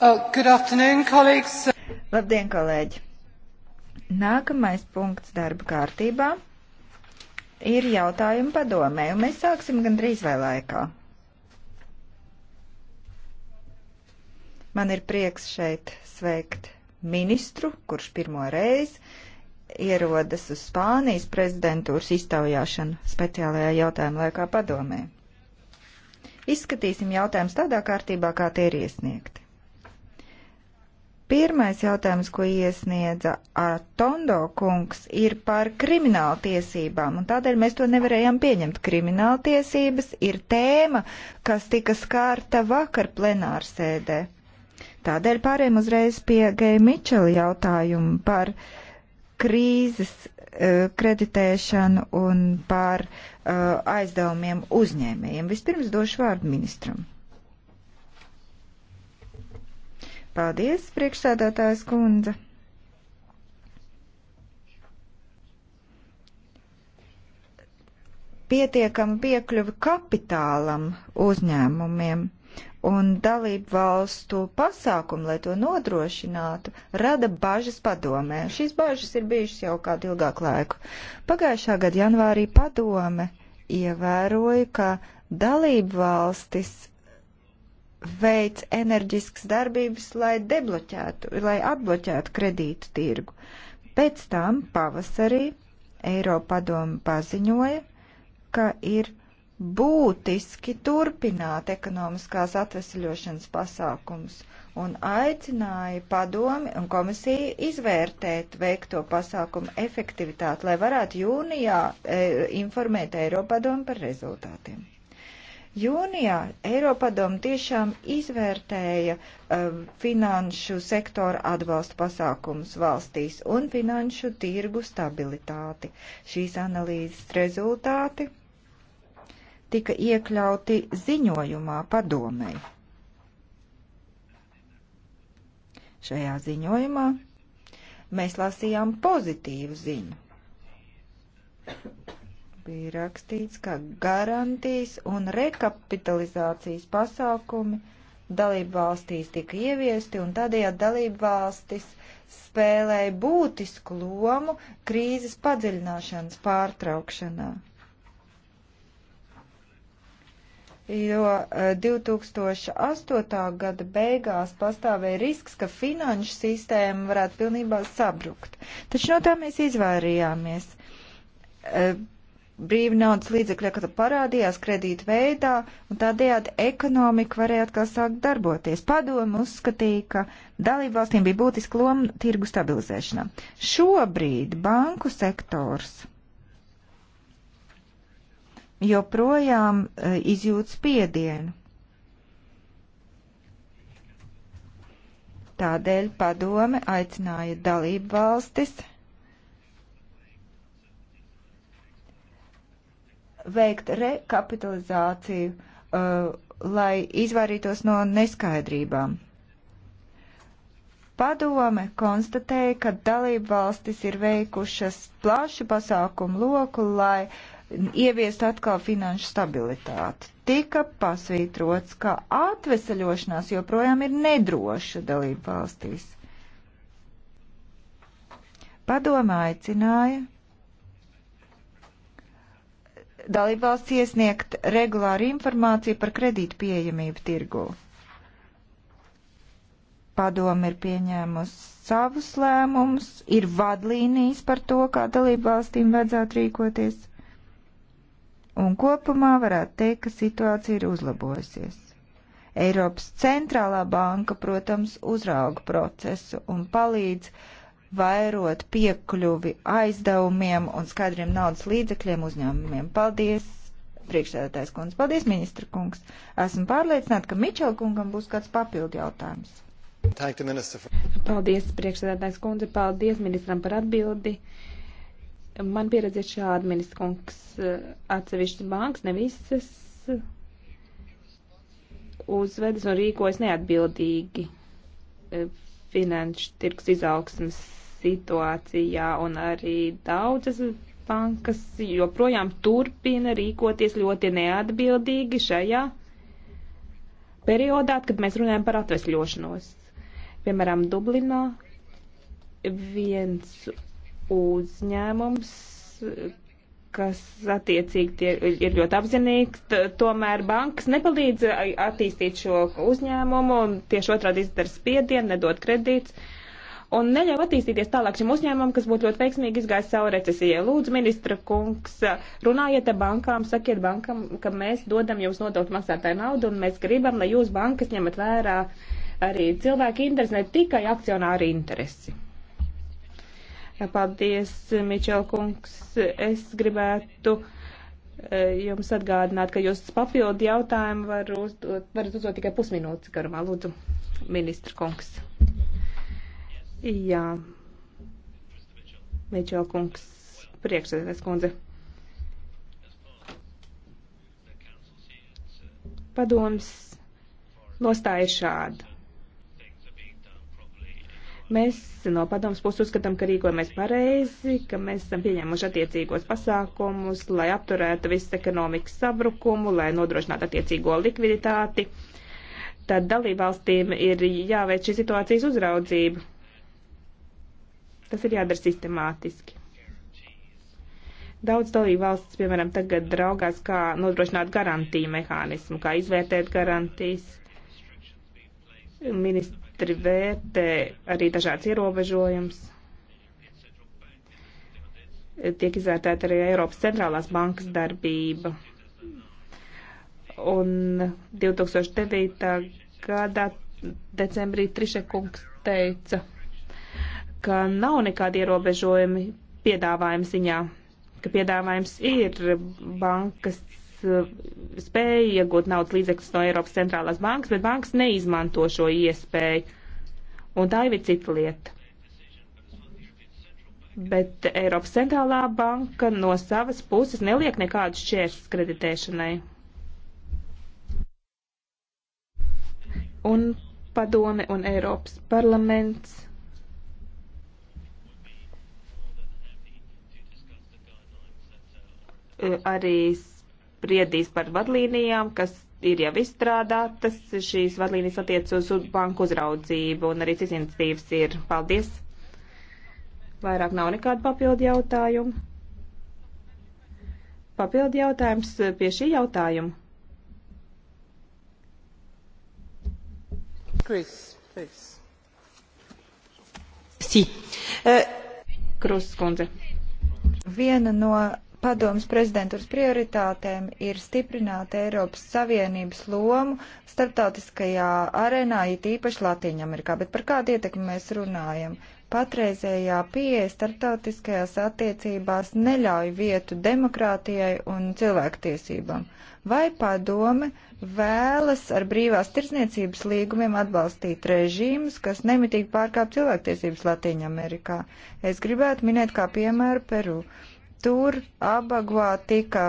Uh, good afternoon, colleagues. Labdien, kolēģi! Nākamais punkts darba kārtībā ir jautājumi padomē, un mēs sāksim gandrīz vai laikā. Man ir prieks šeit sveikt ministru, kurš pirmo reizi ierodas uz Spānijas prezidentūras iztaujāšanu speciālajā jautājuma laikā padomē. Izskatīsim jautājumus tādā kārtībā, kā tie ir iesniegti. Pirmais jautājums, ko iesniedza Tondo kungs, ir par kriminālu tiesībām, un tādēļ mēs to nevarējām pieņemt. Krimināla tiesības ir tēma, kas tika skārta vakar plenārsēdē. Tādēļ pārējām uzreiz pie Geja Mičela jautājumu par krīzes uh, kreditēšanu un par uh, aizdevumiem uzņēmējiem. Vispirms došu vārdu ministram. Paldies, priekšsēdētājs kundze. Pietiekama piekļuva kapitālam uzņēmumiem un dalību valstu pasākumu, lai to nodrošinātu, rada bažas padomē. Šīs bažas ir bijušas jau kādu ilgāku laiku. Pagājušā gada janvārī padome ievēroja, ka dalību valstis veic enerģiskas darbības, lai debloķētu, lai atbloķētu kredītu tirgu. Pēc tam pavasarī Eiropadoma paziņoja, ka ir būtiski turpināt ekonomiskās atvesļošanas pasākums un aicināja padomi un komisiju izvērtēt veikto pasākumu efektivitāti, lai varētu jūnijā e, informēt Eiropadomu par rezultātiem. Jūnijā Eiropadoma tiešām izvērtēja um, finanšu sektora atbalsta pasākums valstīs un finanšu tirgu stabilitāti. Šīs analīzes rezultāti tika iekļauti ziņojumā padomei. Šajā ziņojumā mēs lasījām pozitīvu ziņu bija rakstīts, ka garantijas un rekapitalizācijas pasākumi dalību valstīs tika ieviesti un tādējādi dalību valstis spēlēja būtisku lomu krīzes padziļināšanas pārtraukšanā. jo 2008. Eh, gada beigās pastāvēja risks, ka finanšu sistēma varētu pilnībā sabrukt. Taču no tā mēs izvairījāmies. Eh, brīvnaudas līdzekļi atkal parādījās kredīta veidā, un tādējādi ekonomika varēja atkal sākt darboties. Padomu uzskatīja, ka dalību valstīm bija būtiska loma tirgu stabilizēšanā. Šobrīd banku sektors joprojām e, izjūt spiedienu. Tādēļ padome aicināja dalību valstis veikt rekapitalizāciju, uh, lai izvairītos no neskaidrībām. Padome konstatēja, ka dalību valstis ir veikušas plašu pasākumu loku, lai ieviest atkal finanšu stabilitāti. Tika pasvītrots, ka atveseļošanās joprojām ir nedroša dalību valstīs. Padome aicināja dalībvalsts iesniegt regulāru informāciju par kredītu pieejamību tirgū. Padoma ir pieņēmusi savus lēmumus, ir vadlīnijas par to, kā dalībvalstīm vajadzētu rīkoties. Un kopumā varētu teikt, ka situācija ir uzlabojusies. Eiropas centrālā banka, protams, uzrauga procesu un palīdz uh, vairot piekļuvi aizdevumiem un skaidriem naudas līdzekļiem uzņēmumiem. Paldies, priekšsēdētājs kundze, paldies, ministra kungs. Esmu pārliecināta, ka Mičela kungam būs kāds papildu jautājums. Paldies, priekšsēdētājs kundze, paldies ministram par atbildi. Man pieredze ir šāda, ministra kungs, atsevišķas bankas, ne visas, uzvedas un rīkojas neatbildīgi finanšu tirgus izaugsmas situācijā un arī daudzas bankas joprojām turpina rīkoties ļoti neatbildīgi šajā periodā, kad mēs runājam par atvesļošanos. Piemēram, Dublinā viens uzņēmums, kas attiecīgi tie, ir ļoti apzinīgs, tomēr bankas nepalīdz attīstīt šo uzņēmumu un tieši otrādi izdara spiedienu, nedod kredīts un neļauj attīstīties tālāk šim uzņēmumam, kas būtu ļoti veiksmīgi izgājis savu recesiju. Lūdzu, ministra kungs, runājiet ar bankām, sakiet bankam, ka mēs dodam jums nodokļu maksātāju naudu un mēs gribam, lai jūs bankas ņemat vērā arī cilvēku interesi, ne tikai akcionāru interesi. Paldies, Mičel kungs. Es gribētu eh, jums atgādināt, ka jūs papildu jautājumu var uzdot, varat uzdot tikai pusminūtes garumā. Lūdzu, ministra kungs. Jā. Mičel kungs, priekšsēdētājs kundze. Padoms nostāja šādu Mēs no padomas puses uzskatām, ka rīkojamies pareizi, ka mēs esam pieņēmuši attiecīgos pasākumus, lai apturētu visu ekonomikas sabrukumu, lai nodrošinātu attiecīgo likviditāti. Tad dalībvalstīm ir jāveic šī situācijas uzraudzība. Tas ir jādara sistemātiski. Daudz dalībvalsts, piemēram, tagad draugās, kā nodrošināt garantiju mehānismu, kā izvērtēt garantijas. Ministri ministri vērtē arī dažādas ierobežojumus. Tiek izvērtēta arī Eiropas centrālās bankas darbība. Un 2009. gadā decembrī Trišekungs teica, ka nav nekādi ierobežojumi piedāvājuma ziņā, ka piedāvājums ir bankas Eh, spēja iegūt naudas līdzekļus no Eiropas centrālās bankas, bet bankas neizmanto šo iespēju. Un tā jau ir cita lieta. Bet Eiropas centrālā banka no savas puses neliek nekādus šķēršus kreditēšanai. Un padome un Eiropas parlaments eh, arī spriedīs par vadlīnijām, kas ir jau izstrādātas. Šīs vadlīnijas attiec uz banku uzraudzību un arī cits iniciatīvas ir. Paldies! Vairāk nav nekādu papildu jautājumu. Papildu jautājums pie šī jautājuma. Chris, please. Si. Uh, Krus, kundze. Viena no padomas prezidentūras prioritātēm ir stiprināt Eiropas Savienības lomu starptautiskajā arēnā, it īpaši Latīņamerikā. Bet par kādu ietekmi mēs runājam? Patreizējā pieeja starptautiskajās attiecībās neļauj vietu demokrātijai un cilvēktiesībām. Vai padome vēlas ar brīvās tirsniecības līgumiem atbalstīt režīmus, kas nemitīgi pārkāp cilvēktiesības Latīņamerikā? Es gribētu minēt kā piemēru Peru. Tur abagvā tika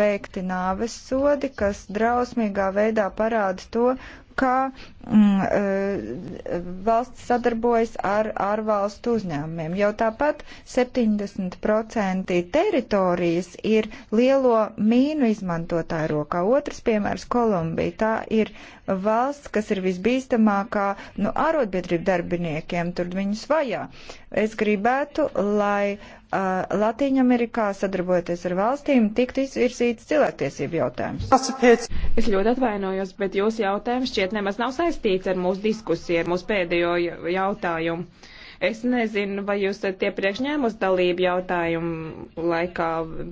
veikti nāves sodi, kas drausmīgā veidā parāda to, kā mm, eh, valsts sadarbojas ar ārvalstu uzņēmumiem. Jau tāpat 70% teritorijas ir lielo mīnu izmantotāju rokā. Otrs piemērs - Kolumbija. Tā ir valsts, kas ir visbīstamākā nu, arotbiedrību darbiniekiem, tur viņus vajā. Es gribētu, lai uh, Latīņamerikā sadarbojoties ar valstīm tiktu izvirzīts cilvēktiesību jautājums. Es ļoti atvainojos, bet jūsu jautājums šķiet šķiet nemaz nav saistīts ar mūsu diskusiju, ar mūsu pēdējo jautājumu. Es nezinu, vai jūs tie priekšņēmus dalību jautājumu laikā,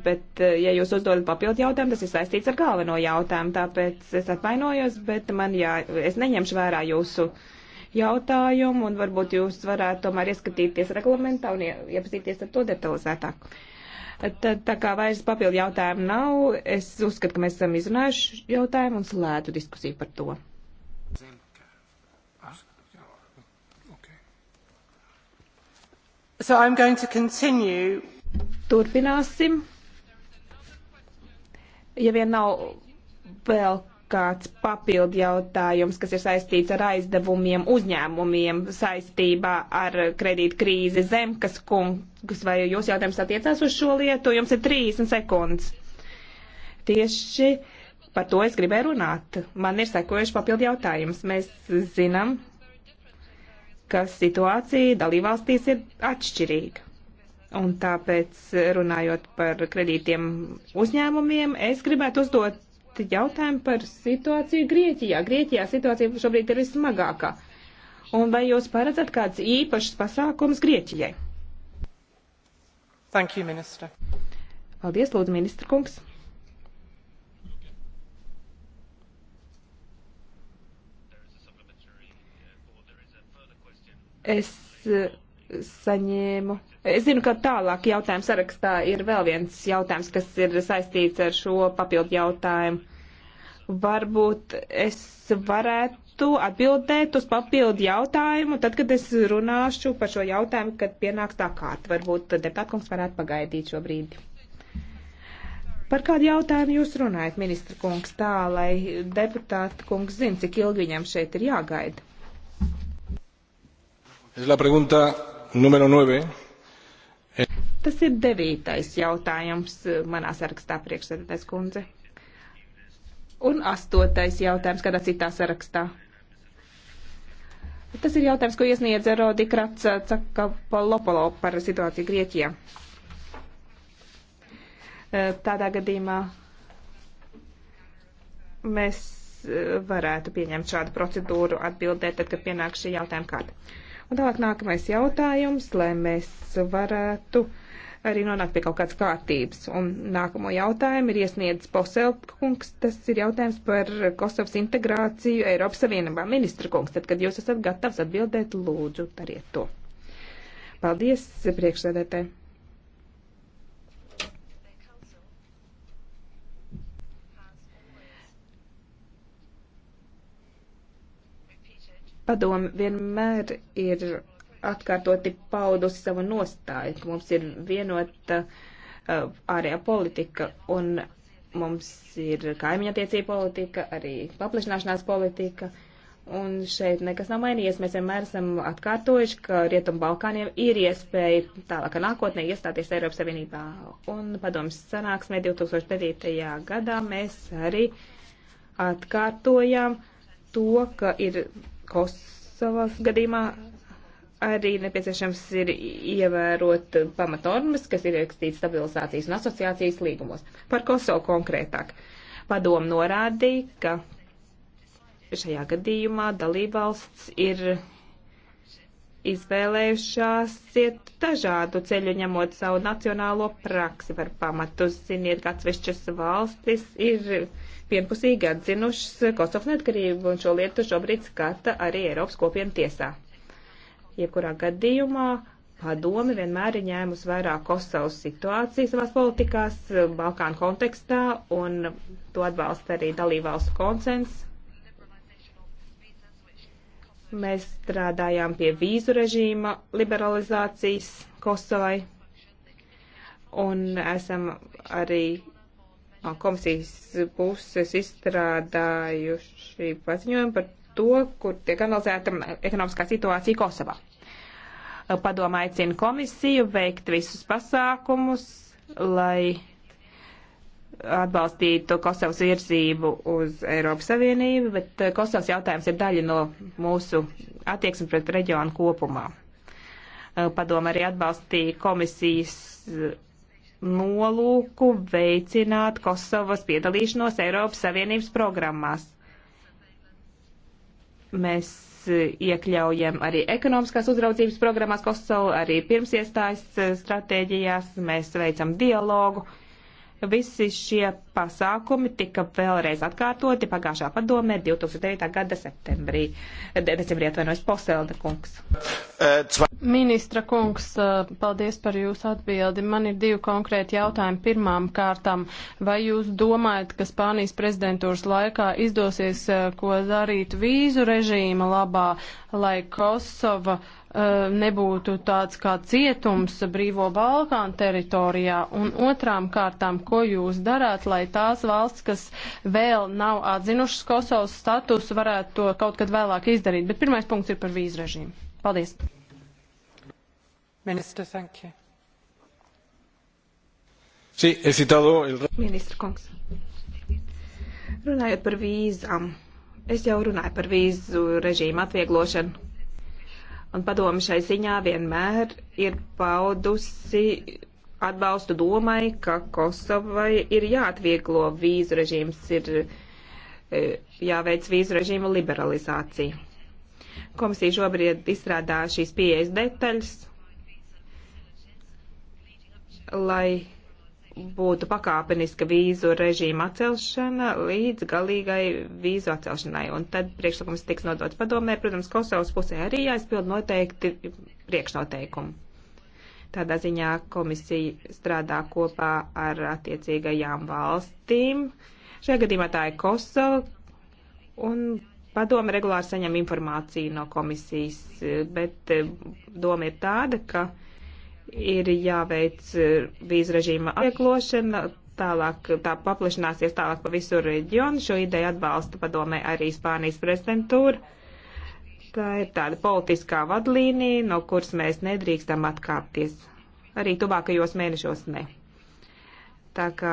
bet eh, ja jūs uzdodat papildu jautājumu, tas ir saistīts ar galveno jautājumu, tāpēc es atvainojos, bet man jā, es neņemšu vērā jūsu jautājumu un varbūt jūs varētu tomēr ieskatīties reglamentā un iepazīties ar to detalizētāk. Tad, tā kā vairs papildu jautājumu nav, es uzskatu, ka mēs esam izrunājuši jautājumu un slēdzu diskusiju par to. Zemka. Ah? Yeah. Okay. So I'm going to continue. Turpināsim. Ja vien nav vēl kāds papildu jautājums, kas ir saistīts ar aizdevumiem uzņēmumiem saistībā ar kredīt krīzi Zemkas kungs, vai jūs jautājums attiecās uz šo lietu? Jums ir 30 sekundes. Tieši Par to es gribēju runāt. Man ir sekojuši papildu jautājums. Mēs zinām, ka situācija dalībvalstīs ir atšķirīga. Un tāpēc, runājot par kredītiem uzņēmumiem, es gribētu uzdot jautājumu par situāciju Grieķijā. Grieķijā situācija šobrīd ir vismagākā. Un vai jūs paredzat kāds īpašs pasākums Grieķijai? Thank you, minister. Paldies, lūdzu, ministra kungs. Es eh, saņēmu. Es zinu, ka tālāk jautājumu sarakstā ir vēl viens jautājums, kas ir saistīts ar šo papildu jautājumu. Varbūt es varētu atbildēt uz papildu jautājumu, tad, kad es runāšu par šo jautājumu, kad pienāks tā kārta. Varbūt deputātkungs varētu pagaidīt šo brīdi. Par kādu jautājumu jūs runājat, ministra kungs, tā, lai deputāta kungs zina, cik ilgi viņam šeit ir jāgaida? Es la pregunta numero 9. Tas ir devītais jautājums eh, manā sarakstā priekšsēdētājs kundze. Un astotais jautājums kādā citā sarakstā. Tas ir jautājums, ko iesniedz Rodi Krats Cakapolopolo par situāciju Grieķijā. Eh, tādā gadījumā mēs eh, varētu pieņemt šādu procedūru atbildēt, tad, kad pienāk šī jautājuma kārta. Un tālāk nākamais jautājums, lai mēs varētu arī nonākt pie kaut kādas kārtības. Un nākamo jautājumu ir iesniedzis Poselkungs. Tas ir jautājums par Kosovas integrāciju Eiropas Savienībā. Ministra kungs, tad, kad jūs esat gatavs atbildēt, lūdzu, dariet to. Paldies, priekšsēdētāji! padomi vienmēr ir atkārtoti paudusi savu nostāju, ka mums ir vienota uh, ārējā politika un mums ir kaimiņa attiecība politika, arī paplašināšanās politika. Un šeit nekas nav mainījies. Mēs vienmēr esam atkārtojuši, ka Rietumu Balkāniem ir iespēja tālākā nākotnē iestāties Eiropas Savienībā. Un padomas sanāksmē 2009. gadā mēs arī atkārtojām to, ka ir Kosovas gadījumā arī nepieciešams ir ievērot pamatnormas, kas ir ierakstīts stabilizācijas un asociācijas līgumos. Par Kosovu konkrētāk. Padomu norādīja, ka šajā gadījumā dalībvalsts ir izvēlējušās iet dažādu ceļu, ņemot savu nacionālo praksi par pamatu. Ziniet, ka atsevišķas valstis ir uh, vienpusīgi atzinušas Kosovas neatkarību, un šo lietu šobrīd skata arī Eiropas kopienu tiesā. Jebkurā gadījumā padome vienmēr ir ņēmusi vērā Kosovas situāciju savās politikās, Balkānu kontekstā, un to atbalsta arī dalībvalstu konsens. Mēs strādājām pie vīzu režīma liberalizācijas Kosovai, un esam arī komisijas puses izstrādājuši paziņojumu par to, kur tiek analizēta ekonomiskā situācija Kosovā. Padomā aicina komisiju veikt visus pasākumus, lai atbalstītu Kosovas virzību uz Eiropas Savienību, bet Kosovas jautājums ir daļa no mūsu attieksmi pret reģionu kopumā. Padoma arī atbalstīja komisijas nolūku veicināt Kosovas piedalīšanos Eiropas Savienības programmās. Mēs e, iekļaujam arī ekonomiskās uzraudzības programmās Kosovu, arī pirmsiestājas e, stratēģijās, mēs veicam dialogu. Uh, Visi šie pasākumi tika vēlreiz atkārtoti pagājušā padomē 2009. gada septembrī, de decembrī atvainojas Poselda kungs. Ministra kungs, paldies par jūsu atbildi. Man ir divi konkrēti jautājumi. Pirmām kārtām, vai jūs domājat, ka Spānijas prezidentūras laikā izdosies ko darīt vīzu režīma labā, lai Kosova uh, Eh, nebūtu tāds kā cietums brīvo Balkānu teritorijā? Un otrām kārtām, ko jūs darāt, lai tās valsts, kas vēl nav atzinušas Kosovas statusu, varētu to kaut kad vēlāk izdarīt? Bet pirmais punkts ir par vīzu režīmu. Paldies. Minister, thank you. Sí, he citado el... Ministra kungs. Runājot par vīzām, es jau runāju par vīzu režīmu atvieglošanu Un padomi šai ziņā vienmēr ir paudusi atbalstu domai, ka Kosovai ir jāatvieglo vīzu režīms, ir e, jāveic vīzu režīmu liberalizācija. Komisija šobrīd izstrādā šīs pieejas detaļas, lai būtu pakāpeniska vīzu režīma atcelšana līdz galīgai vīzu atcelšanai. Un tad priekšlikums tiks nodots padomē. Protams, Kosovas pusē arī jāizpild noteikti priekšnoteikumi. Tādā ziņā komisija strādā kopā ar attiecīgajām valstīm. Šajā gadījumā tā ir Kosova. Un padome regulāri saņem informāciju no komisijas, bet doma ir tāda, ka ir jāveic eh, vīzu režīma atvieglošana, tālāk tā paplašināsies tālāk pa visu reģionu. Šo ideju atbalsta padomē arī Spānijas prezidentūra. Tā ir tāda politiskā vadlīnija, no kuras mēs nedrīkstam atkāpties. Arī tuvākajos mēnešos ne. Tā kā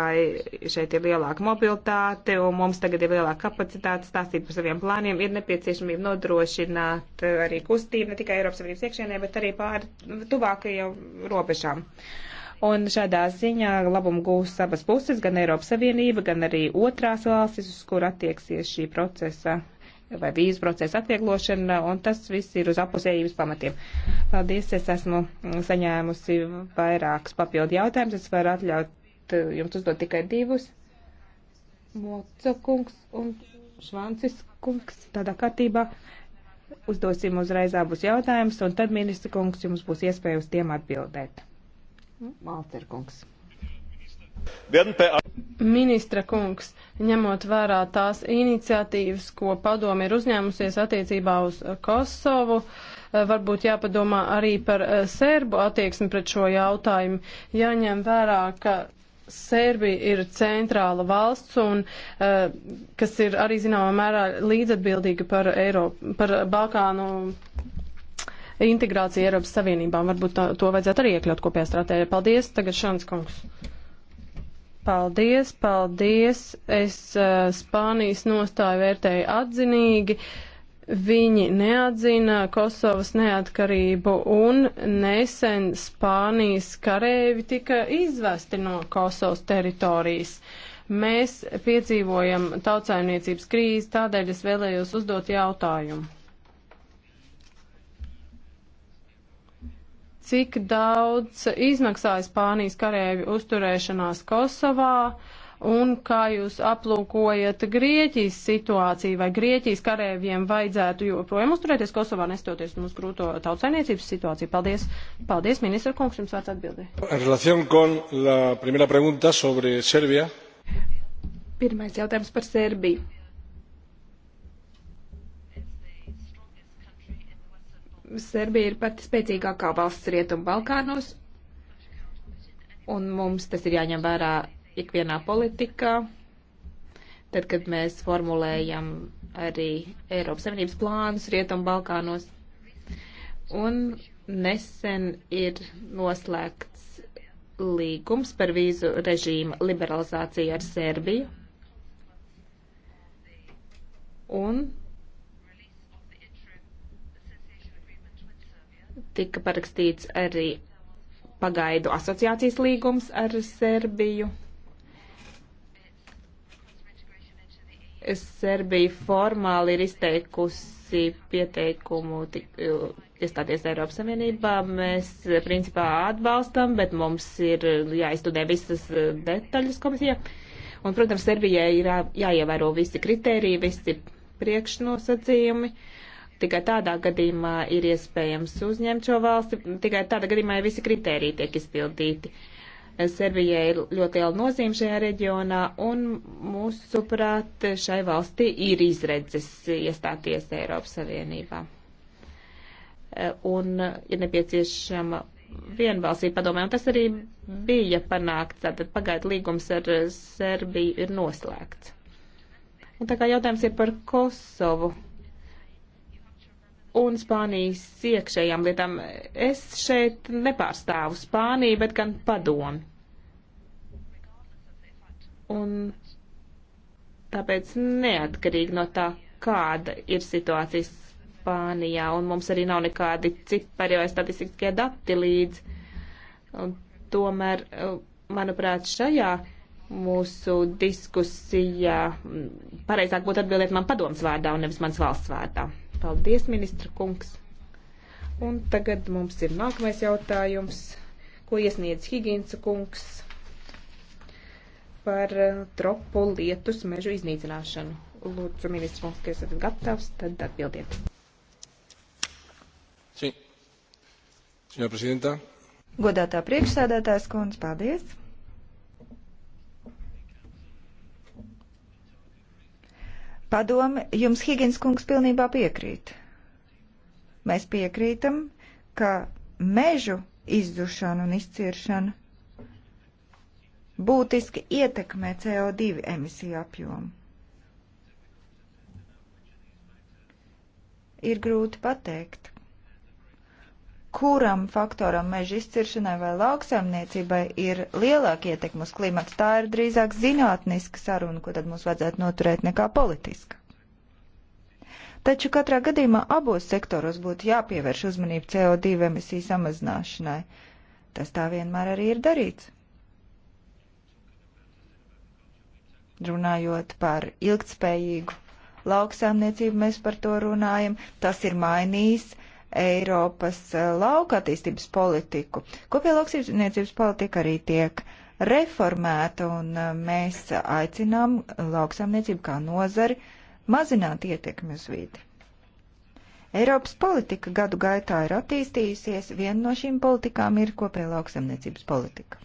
šeit ir lielāka mobilitāte un mums tagad ir lielāka kapacitāte stāstīt par saviem plāniem, ir nepieciešamība nodrošināt eh, arī kustību ne tikai Eiropas Savienības iekšienē, bet arī pāri tuvākajām robežām. Un šādā ziņā labumu gūs abas puses, gan Eiropas Savienība, gan arī otrās valstis, uz kur attieksies šī procesa vai vīzu procesa atvieglošana, un tas viss ir uz apusējības pamatiem. Paldies, es esmu saņēmusi vairākus papildu jautājumus, es varu atļaut tagad eh, jums uzdod tikai divus. Moco kungs un Švancis kungs tādā kārtībā. Uzdosim uzreiz abus jautājumus, un tad ministra kungs jums būs iespēja uz tiem atbildēt. Malcer kungs. Ministra kungs, ņemot vērā tās iniciatīvas, ko padomi ir uzņēmusies attiecībā uz Kosovu, eh, varbūt jāpadomā arī par eh, serbu attieksmi pret šo jautājumu. Jāņem vērā, ka Sērbija ir centrāla valsts, un, uh, kas ir arī zināmā mērā līdzatbildīga par, Eiropu, par Balkānu integrāciju Eiropas Savienībām. Varbūt tā, to vajadzētu arī iekļaut kopējā stratēģijā. Paldies, tagad Šāns kungs. Paldies, paldies. Es uh, Spānijas nostāju vērtēju atzinīgi. Uh, Viņi neatzina Kosovas neatkarību un nesen Spānijas karēvi tika izvesti no Kosovas teritorijas. Mēs piedzīvojam tautsaimniecības krīzi, tādēļ es vēlējos uzdot jautājumu. cik daudz izmaksāja Spānijas karēvi uzturēšanās Kosovā, un kā jūs aplūkojat Grieķijas situāciju, vai Grieķijas karēviem vajadzētu joprojām uzturēties Kosovā, nestoties mums grūto tautsainiecības situāciju. Paldies, paldies ministra kungs, jums vārds atbildē. Pirmais jautājums par Serbiju. Serbija ir pati spēcīgākā valsts Rietumu Balkānos, un mums tas ir jāņem vērā ikvienā politikā, tad, kad mēs formulējam arī Eiropas Savienības plānus Rietumu Balkānos. Un nesen ir noslēgts līgums par vīzu režīmu liberalizāciju ar Serbiju. Un tika parakstīts arī pagaidu asociācijas līgums ar Serbiju. Serbija formāli ir izteikusi pieteikumu iestāties Eiropas Savienībā. Mēs principā atbalstam, bet mums ir jāizstudē visas eh, detaļas komisijā. Un, protams, Serbijai ir jāievēro visi kriteriji, visi priekšnosacījumi. Tikai tādā gadījumā ir iespējams uzņemt šo valsti, tikai tādā gadījumā visi kriteriji tiek izpildīti. Uh, Serbijai ir ļoti liela nozīme šajā reģionā, un mūsuprāt, šai valstī ir izredzes iestāties Eiropas Savienībā. E, un ir nepieciešama vienbalsība padomē, un tas arī bija panākts, tātad pagaidu līgums ar Serbiju ir noslēgts. Un tā kā jautājums ir par Kosovu un Spānijas iekšējām lietām, es šeit nepārstāvu Spāniju, bet gan padomu. Un tāpēc neatkarīgi no tā, kāda ir situācija Spānijā, un mums arī nav nekādi cipari vai statistiskie dati līdz. Un tomēr, uh, manuprāt, šajā mūsu diskusijā mm, pareizāk būtu atbildēt man padoms vārdā un nevis mans valsts vārdā. Paldies, ministra kungs. Un tagad mums ir nākamais jautājums, ko iesniedz Higinsa kungs par eh, tropu lietus mežu iznīcināšanu. Lūdzu, ministrs Mums, ka esat gatavs, tad atbildiet. Sí. Senora prezidenta. Godātā priekšsēdētājs kundze, paldies. Padome, jums Higgins kungs pilnībā piekrīt. Mēs piekrītam, ka mežu izdušana un izciršana būtiski ietekmē CO2 emisiju apjomu. Ir grūti pateikt, kuram faktoram meža izciršanai vai lauksaimniecībai ir lielāka ietekme uz klimatu. Tā ir drīzāk zinātniska saruna, ko tad mums vajadzētu noturēt, nekā politiska. Taču katrā gadījumā abos sektoros būtu jāpievērš uzmanība CO2 emisiju samazināšanai. Tas tā vienmēr arī ir darīts. Runājot par ilgtspējīgu lauksāmniecību, mēs par to runājam. Tas ir mainījis Eiropas eh, lauka attīstības politiku. Kopējā lauksīmniecības politika arī tiek reformēta, un eh, mēs aicinām lauksāmniecību kā nozari mazināt ietekmi uz vidi. Eiropas politika gadu gaitā ir attīstījusies, viena no šīm politikām ir kopējā lauksamniecības politika.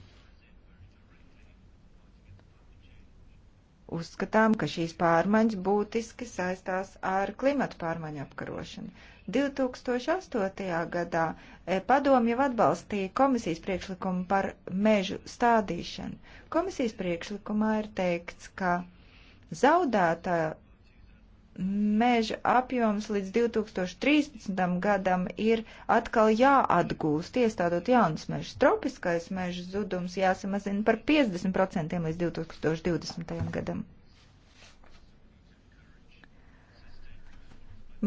Uzskatām, ka šīs pārmaiņas būtiski saistās ar klimatu pārmaiņu apkarošanu. 2008. gadā e, padomu jau atbalstīja komisijas priekšlikumu par mežu stādīšanu. Komisijas priekšlikumā ir teikts, ka zaudētā meža apjoms līdz 2013. gadam ir atkal jāatgūst, iestādot jaunas mežas. Tropiskais meža zudums jāsamazina par 50% līdz 2020. gadam.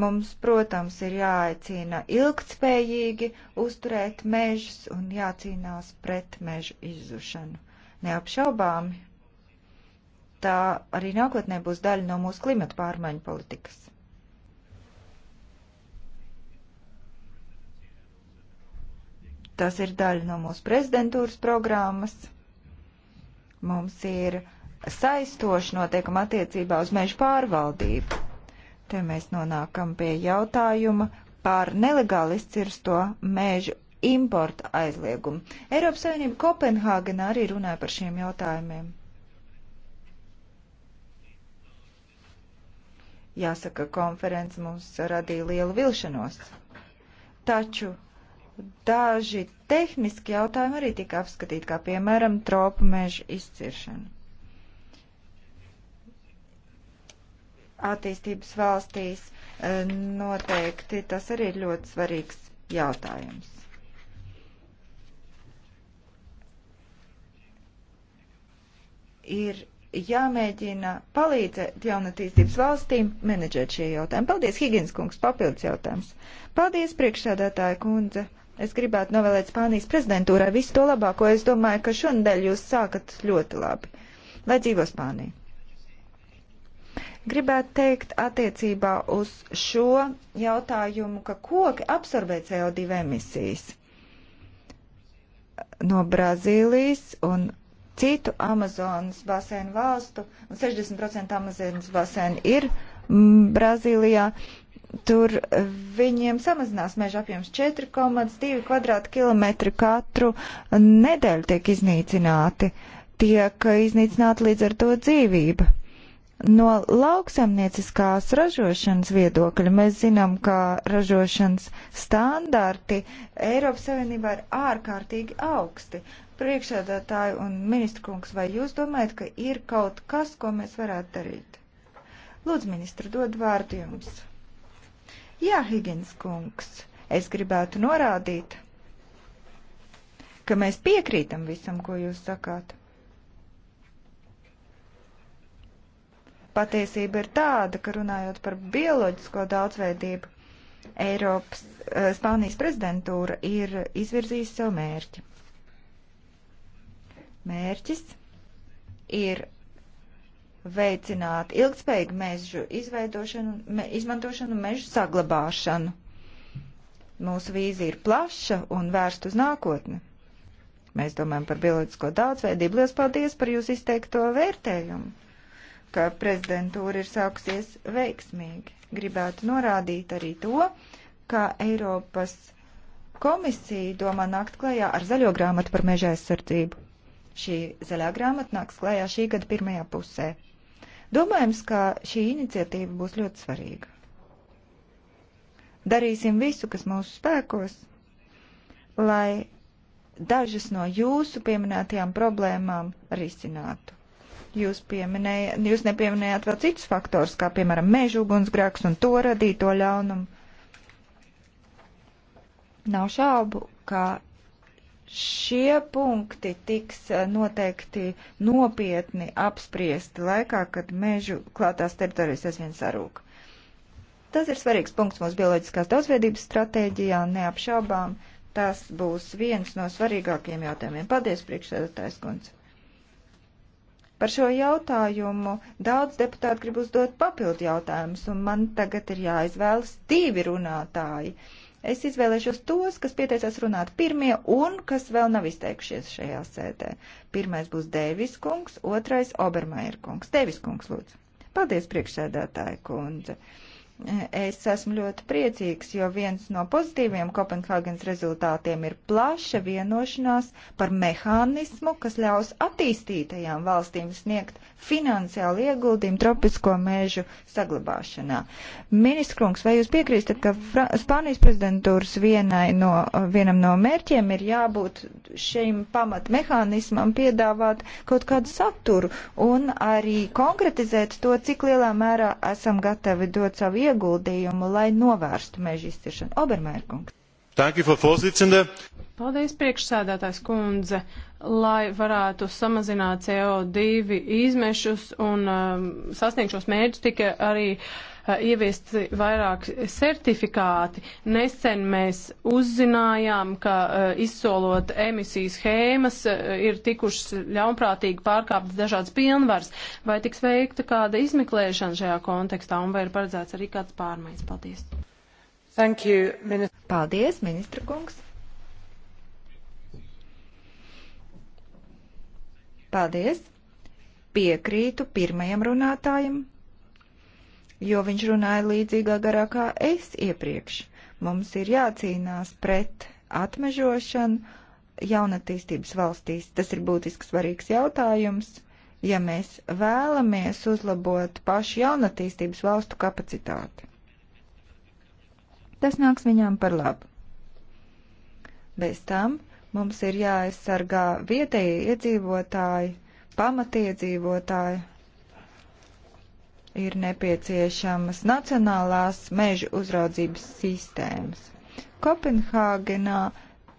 Mums, protams, ir jāaicina ilgtspējīgi uzturēt mežus un jācīnās pret mežu izzušanu. Neapšaubāmi tā arī nākotnē būs daļa no mūsu klimata pārmaiņu politikas. Tas ir daļa no mūsu prezidentūras programmas. Mums ir saistoši notiekama attiecībā uz mežu pārvaldību. Te mēs nonākam pie jautājuma par nelegāli izcirsto mežu importa aizliegumu. Eiropas Savienība Kopenhāgenā arī runāja par šiem jautājumiem. Jāsaka, konference mums radīja lielu vilšanos. Taču daži tehniski jautājumi arī tika apskatīti, kā piemēram tropu mežu izciršana. Attīstības valstīs e, noteikti tas arī ir ļoti svarīgs jautājums. Ir jāmēģina palīdzēt jaunatīstības valstīm menedžēt šie jautājumi. Paldies, Higgins kungs, papildus jautājums. Paldies, priekšsādātāja kundze. Es gribētu novēlēt Spānijas prezidentūrai visu to labāko. Es domāju, ka šonadēļ jūs sākat ļoti labi. Lai dzīvo Spānija. Gribētu teikt attiecībā uz šo jautājumu, ka koki absorbē CO2 emisijas no Brazīlijas un citu Amazonas basēnu valstu, un 60% Amazonas basēnu ir mm, Brazīlijā, tur viņiem samazinās meža apjoms 4,2 kvadrātkilometri katru nedēļu tiek iznīcināti, tiek iznīcināta līdz ar to dzīvība. No lauksaimnieciskās ražošanas viedokļa mēs zinām, ka ražošanas standarti Eiropas Savienībā ir ārkārtīgi augsti. Priekšsēdētāju un ministru kungs, vai jūs domājat, ka ir kaut kas, ko mēs varētu darīt? Lūdzu, ministra, dod vārdu jums. Jā, Higgins kungs, es gribētu norādīt, ka mēs piekrītam visam, ko jūs sakāt. patiesība ir tāda, ka runājot par bioloģisko daudzveidību, Eiropas, eh, Spānijas prezidentūra ir izvirzījusi sev mērķi. Mērķis ir veicināt ilgspējīgu mežu izveidošanu, me, izmantošanu, mežu saglabāšanu. Mūsu vīzija ir plaša un vērsta uz nākotni. Mēs domājam par bioloģisko daudzveidību. Lielas paldies par jūsu izteikto vērtējumu, ka prezidentūra ir sākusies veiksmīgi. Gribētu norādīt arī to, ka Eiropas komisija domā nākt klajā ar zaļo grāmatu par meža aizsardzību. Šī zaļā grāmata nāks klajā šī gada pirmajā pusē. Domājams, ka šī iniciatīva būs ļoti svarīga. Darīsim visu, kas mūsu spēkos, lai dažas no jūsu pieminētajām problēmām risinātu. Jūs, jūs nepieminējāt vēl citus faktors, kā piemēram mežu ugunsgrēks un to radīto ļaunumu. Nav šaubu, ka Šie punkti tiks eh, noteikti nopietni apspriesti laikā, kad mežu klātās teritorijas aizvien sarūk. Tas ir svarīgs punkts mūsu bioloģiskās daudzveidības stratēģijā, neapšaubām. Tas būs viens no svarīgākajiem jautājumiem. Paldies, priekšsēdētājs kundze. Par šo jautājumu daudz deputāti grib uzdot papildu jautājumus, un man tagad ir jāizvēlas divi runātāji. Uh, Es izvēlēšos tos, kas pieteicās runāt pirmie un kas vēl nav izteikušies šajā sēdē. Pirmais būs Dēvis kungs, otrais Obermaier kungs. Dēvis kungs, lūdzu. Paldies, priekšsēdētāja kundze. Uh, Es esmu ļoti priecīgs, jo viens no pozitīviem Kopenhāgenes rezultātiem ir plaša vienošanās par mehānismu, kas ļaus attīstītajām valstīm sniegt finansiālu ieguldījumu tropisko mēžu saglabāšanā. Ministrkungs, vai jūs piekrīstat, ka Fra Spānijas prezidentūras vienai no, vienam no mērķiem ir jābūt šim pamatmehānismam piedāvāt kaut kādu saturu un arī konkretizēt to, cik lielā mērā esam gatavi dot savu ieguldījumu? ieguldījumu, lai novērstu meža izciršanu. Obermērkungs. Paldies, priekšsēdētājs kundze lai varētu samazināt CO2 izmešus un um, sasniegt šos mērķus, tika arī uh, ieviest vairāk certifikāti. Nesen mēs uzzinājām, ka uh, izsolot emisijas schēmas uh, ir tikušas ļaunprātīgi pārkāptas dažādas pilnvaras. Vai tiks veikta kāda izmeklēšana šajā kontekstā un vai ir paredzēts arī kāds pārmaiņas? Paldies! Thank you, ministr Paldies, ministra kungs! Paldies! Piekrītu pirmajam runātājam, jo viņš runāja līdzīgā garā kā es iepriekš. Mums ir jācīnās pret atmežošanu jaunatīstības valstīs. Tas ir būtisks svarīgs jautājums, ja mēs vēlamies uzlabot pašu jaunatīstības valstu kapacitāti. Tas nāks viņām par labu. Bez tam Mums ir jāaizsargā vietējie iedzīvotāji, pamatiedzīvotāji. Ir nepieciešamas nacionālās meža uzraudzības sistēmas. Kopenhāgenā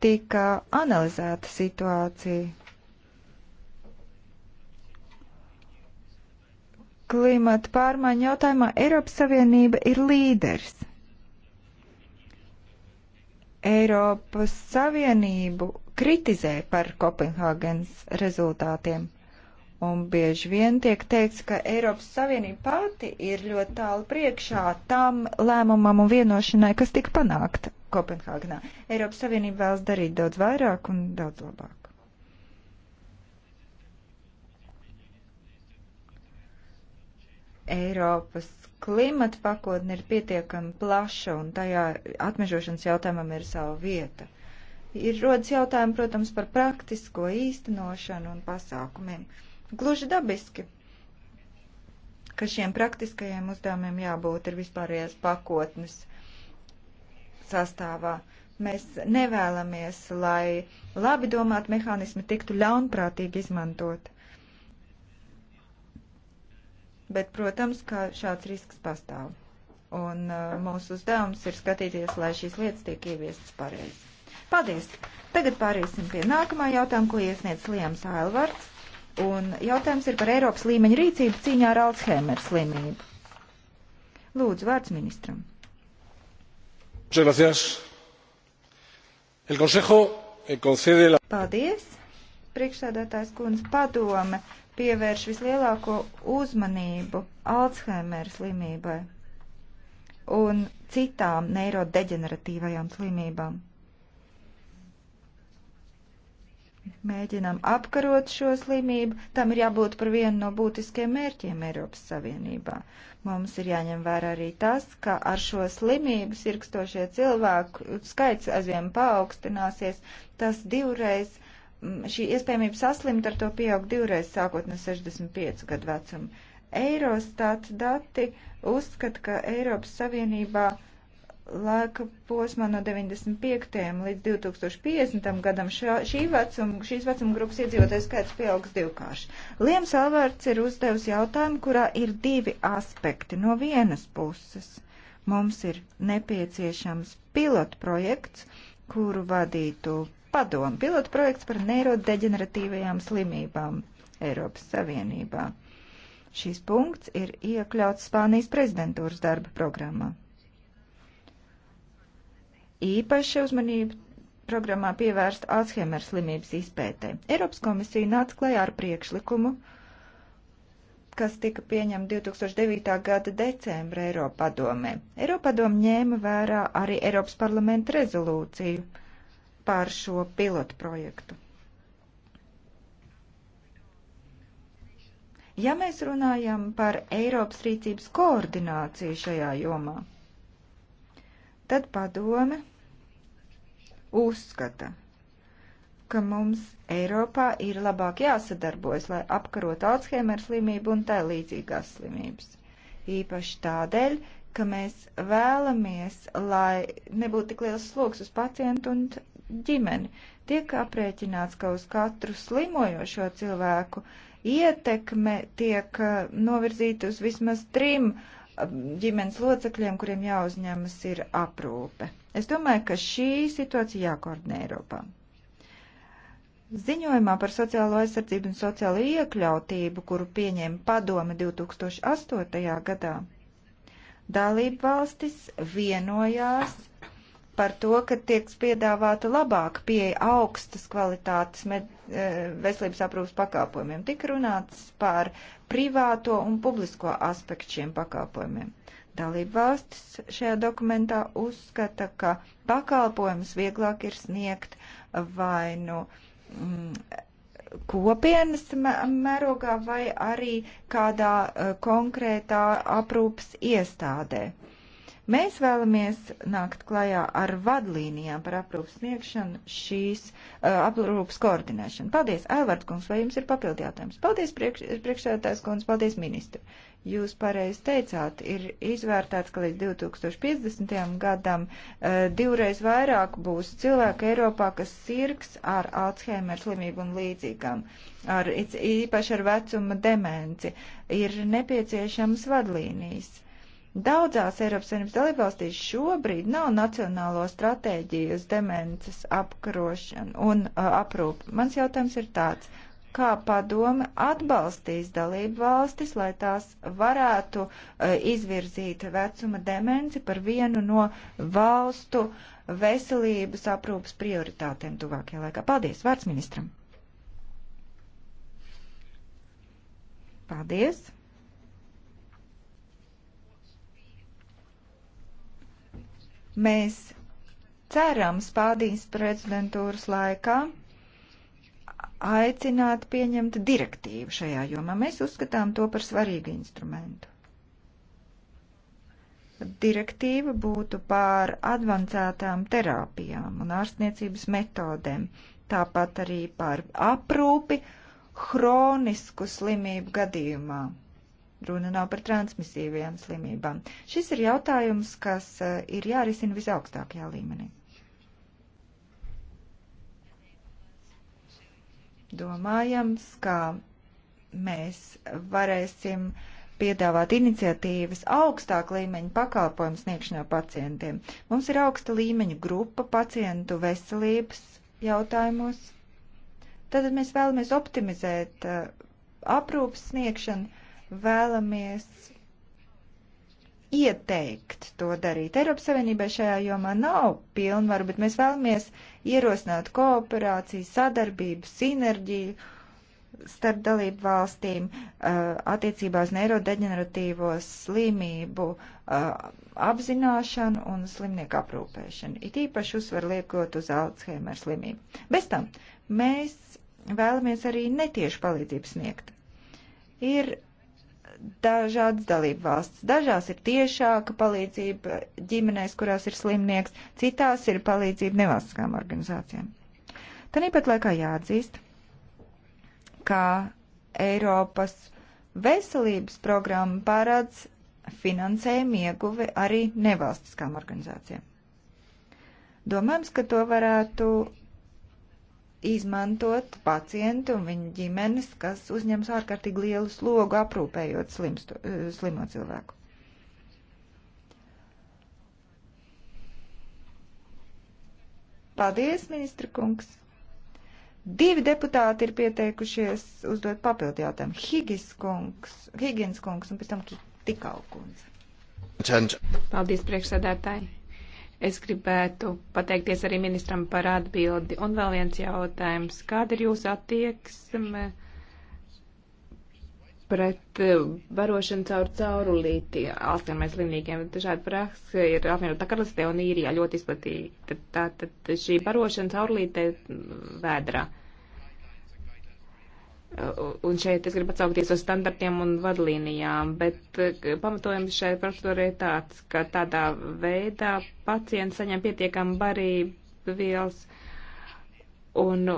tika analizēta situācija. Klimata pārmaiņu jautājumā Eiropas Savienība ir līderis. Eiropas Savienību kritizē par Kopenhāgenes rezultātiem. Un bieži vien tiek teikts, ka Eiropas Savienība pati ir ļoti tālu priekšā tam lēmumam un vienošanai, kas tika panākta Kopenhāgenā. Eiropas Savienība vēlas darīt daudz vairāk un daudz labāk. Eiropas klimata pakotne ir pietiekami plaša un tajā atmežošanas jautājumam ir sava vieta. Ir rodas jautājumi, protams, par praktisko īstenošanu un pasākumiem. Gluži dabiski, ka šiem praktiskajiem uzdevumiem jābūt ir vispārējās pakotnes sastāvā. Mēs nevēlamies, lai labi domāt mehānismi tiktu ļaunprātīgi izmantoti bet, protams, ka šāds risks pastāv. Un uh, mūsu uzdevums ir skatīties, lai šīs lietas tiek ieviestas pareizi. Paldies! Tagad pāriesim pie nākamā jautājuma, ko iesniedz Liems Ailvarts. Un jautājums ir par Eiropas līmeņa rīcību cīņā ar Alzheimer slimību. Lūdzu, vārds ministram. Eh, Paldies! Priekšsēdētājs kundze padome pievērš vislielāko uzmanību Alzheimera slimībai un citām neirodeģeneratīvajām slimībām. Mēģinām apkarot šo slimību, tam ir jābūt par vienu no būtiskiem mērķiem Eiropas Savienībā. Mums ir jāņem vērā arī tas, ka ar šo slimību sirkstošie cilvēku skaits aizvien paaugstināsies, tas divreiz Mm, šī iespējamība saslimt ar to pieaug divreiz sākot no 65 gadu vecuma. Eirostat dati uzskata, ka Eiropas Savienībā laika posmā no 95. līdz 2050. gadam šā, šī vecuma, šīs vecuma grupas iedzīvotāju skaits pieaugs divkārši. Liems Alvārds ir uzdevusi jautājumu, kurā ir divi aspekti. No vienas puses mums ir nepieciešams pilotu projekts, kuru vadītu padomu. Pilota projekts par neirodeģeneratīvajām slimībām Eiropas Savienībā. Šīs punkts ir iekļauts Spānijas prezidentūras darba programmā. Īpaša uzmanība programmā pievērsta Alzheimer slimības izpētē. Eiropas komisija nāca klajā ar priekšlikumu, kas tika pieņemta 2009. gada decembra Eiropa padomē. Eiropa padoma ņēma vērā arī Eiropas parlamenta rezolūciju par šo pilotu projektu. Ja mēs runājam par Eiropas rīcības koordināciju šajā jomā, tad padome uzskata, ka mums Eiropā ir labāk jāsadarbojas, lai apkarotu Alzheimer slimību un tā līdzīgās slimības. Īpaši tādēļ, ka mēs vēlamies, lai nebūtu tik liels sloks uz pacientu un ģimeni. Tiek aprēķināts, ka uz katru slimojošo cilvēku ietekme tiek uh, novirzīta uz vismaz trim um, ģimenes locekļiem, kuriem jāuzņemas ir aprūpe. Es domāju, ka šī situācija jākoordinē Eiropā. Ziņojumā par sociālo aizsardzību un sociālo iekļautību, kuru pieņēma padome 2008. gadā, Dalībvalstis vienojās par to, ka tiek piedāvāta labāka pieeja augstas kvalitātes med, e, veselības aprūpas pakalpojumiem. Tik runāts par privāto un publisko aspektu šiem pakalpojumiem. Dalība valstis šajā dokumentā uzskata, ka pakalpojumus vieglāk ir sniegt vai nu mm, kopienas mērogā vai arī kādā e, konkrētā aprūpas iestādē. Mēs vēlamies nākt klajā ar vadlīnijām par aprūpas sniegšanu, šīs uh, aprūpas koordinēšanu. Paldies, Ailvārds kungs, vai jums ir papildi jautājums? Paldies, priekš, priekšsēdētājs kungs, paldies, ministri. Uh, Jūs pareizi teicāt, ir izvērtēts, ka līdz 2050. gadam uh, divreiz vairāk būs cilvēku Eiropā, kas sirgs ar Alzheimer slimību un līdzīgām, ar, īpaši ar vecuma demenci. Ir nepieciešams vadlīnijas. Daudzās Eiropas Savienības dalībvalstīs šobrīd nav nacionālo stratēģiju uz demences apkarošanu un uh, eh, aprūpu. Mans jautājums ir tāds, kā padome atbalstīs dalību valstis, lai tās varētu uh, izvirzīt vecuma demenci par vienu no valstu veselības aprūpas prioritātēm tuvākajā laikā. Paldies, vārds ministram! Paldies! Mēs ceram Spādijas prezidentūras laikā aicināt pieņemt direktīvu šajā jomā. Mēs uzskatām to par svarīgu instrumentu. Direktīva būtu pār advancētām terapijām un ārstniecības metodēm, tāpat arī pār aprūpi hronisku slimību gadījumā. Runa nav par transmisīvajām slimībām. Šis ir jautājums, kas eh, ir jārisina visaugstākajā līmenī. domājams, ka mēs varēsim piedāvāt iniciatīvas augstāk līmeņa pakalpojumu sniegšanā pacientiem. Mums ir augsta līmeņa grupa pacientu veselības jautājumos. Tad mēs vēlamies optimizēt uh, aprūpas sniegšanu, vēlamies ieteikt to darīt. Eiropas Savienībai šajā jomā nav pilnvaru, bet mēs vēlamies ierosināt kooperāciju, sadarbību, sinerģiju starp dalību valstīm uh, attiecībā uz neirodeģeneratīvo slimību uh, apzināšanu un slimnieku aprūpēšanu. It īpaši uzsver liekot uz Alzheimer slimību. Bez tam mēs vēlamies arī netiešu palīdzību sniegt. Ir dažādas dalību valsts. Dažās ir tiešāka palīdzība ģimenēs, kurās ir slimnieks, citās ir palīdzība nevalstiskām organizācijām. Tāpat laikā jāatzīst, ka Eiropas veselības programma parāds finansējumu ieguvi arī nevalstiskām organizācijām. Domājams, ka to varētu izmantot pacienti un viņa ģimenes, kas uzņems ārkārtīgi lielu slogu aprūpējot slimstu, eh, slimo cilvēku. Paldies, ministra kungs! Divi deputāti ir pieteikušies uzdot papildu jautājumu. Higis kungs, Higins kungs un pēc tam Tikau kundze. Paldies, priekšsēdētāji! Es gribētu pateikties arī ministram par atbildi. Un vēl viens jautājums. Kāda ir jūsu attieksme pret barošanu eh, caur caurulīti alzheimer's slimniekiem? Dažādi praksa ir apvienotā karalistē un īrijā ļoti izplatīta. Tātad šī barošana caurulīte mm, vēdrā. Uh, Un šeit es gribu atsaukties uz standartiem un vadlīnijām, bet eh, pamatojums šai procedūrai ir tāds, ka tādā veidā pacients saņem pietiekami barību vielas un,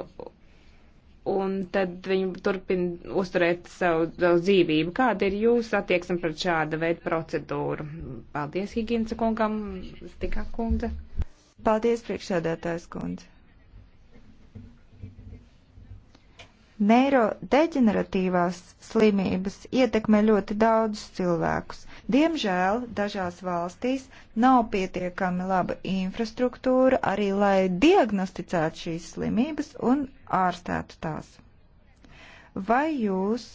un tad viņi turpina uzturēt savu, savu dzīvību. Kāda ir jūsu attieksme pret šāda veida procedūru? Paldies, Higinsa kungam, Stikā kundze. Paldies, priekšsēdētājs kundze. Neirodeģeneratīvās slimības ietekmē ļoti daudzus cilvēkus. Diemžēl dažās valstīs nav pietiekami laba infrastruktūra arī, lai diagnosticētu šīs slimības un ārstētu tās. Vai jūs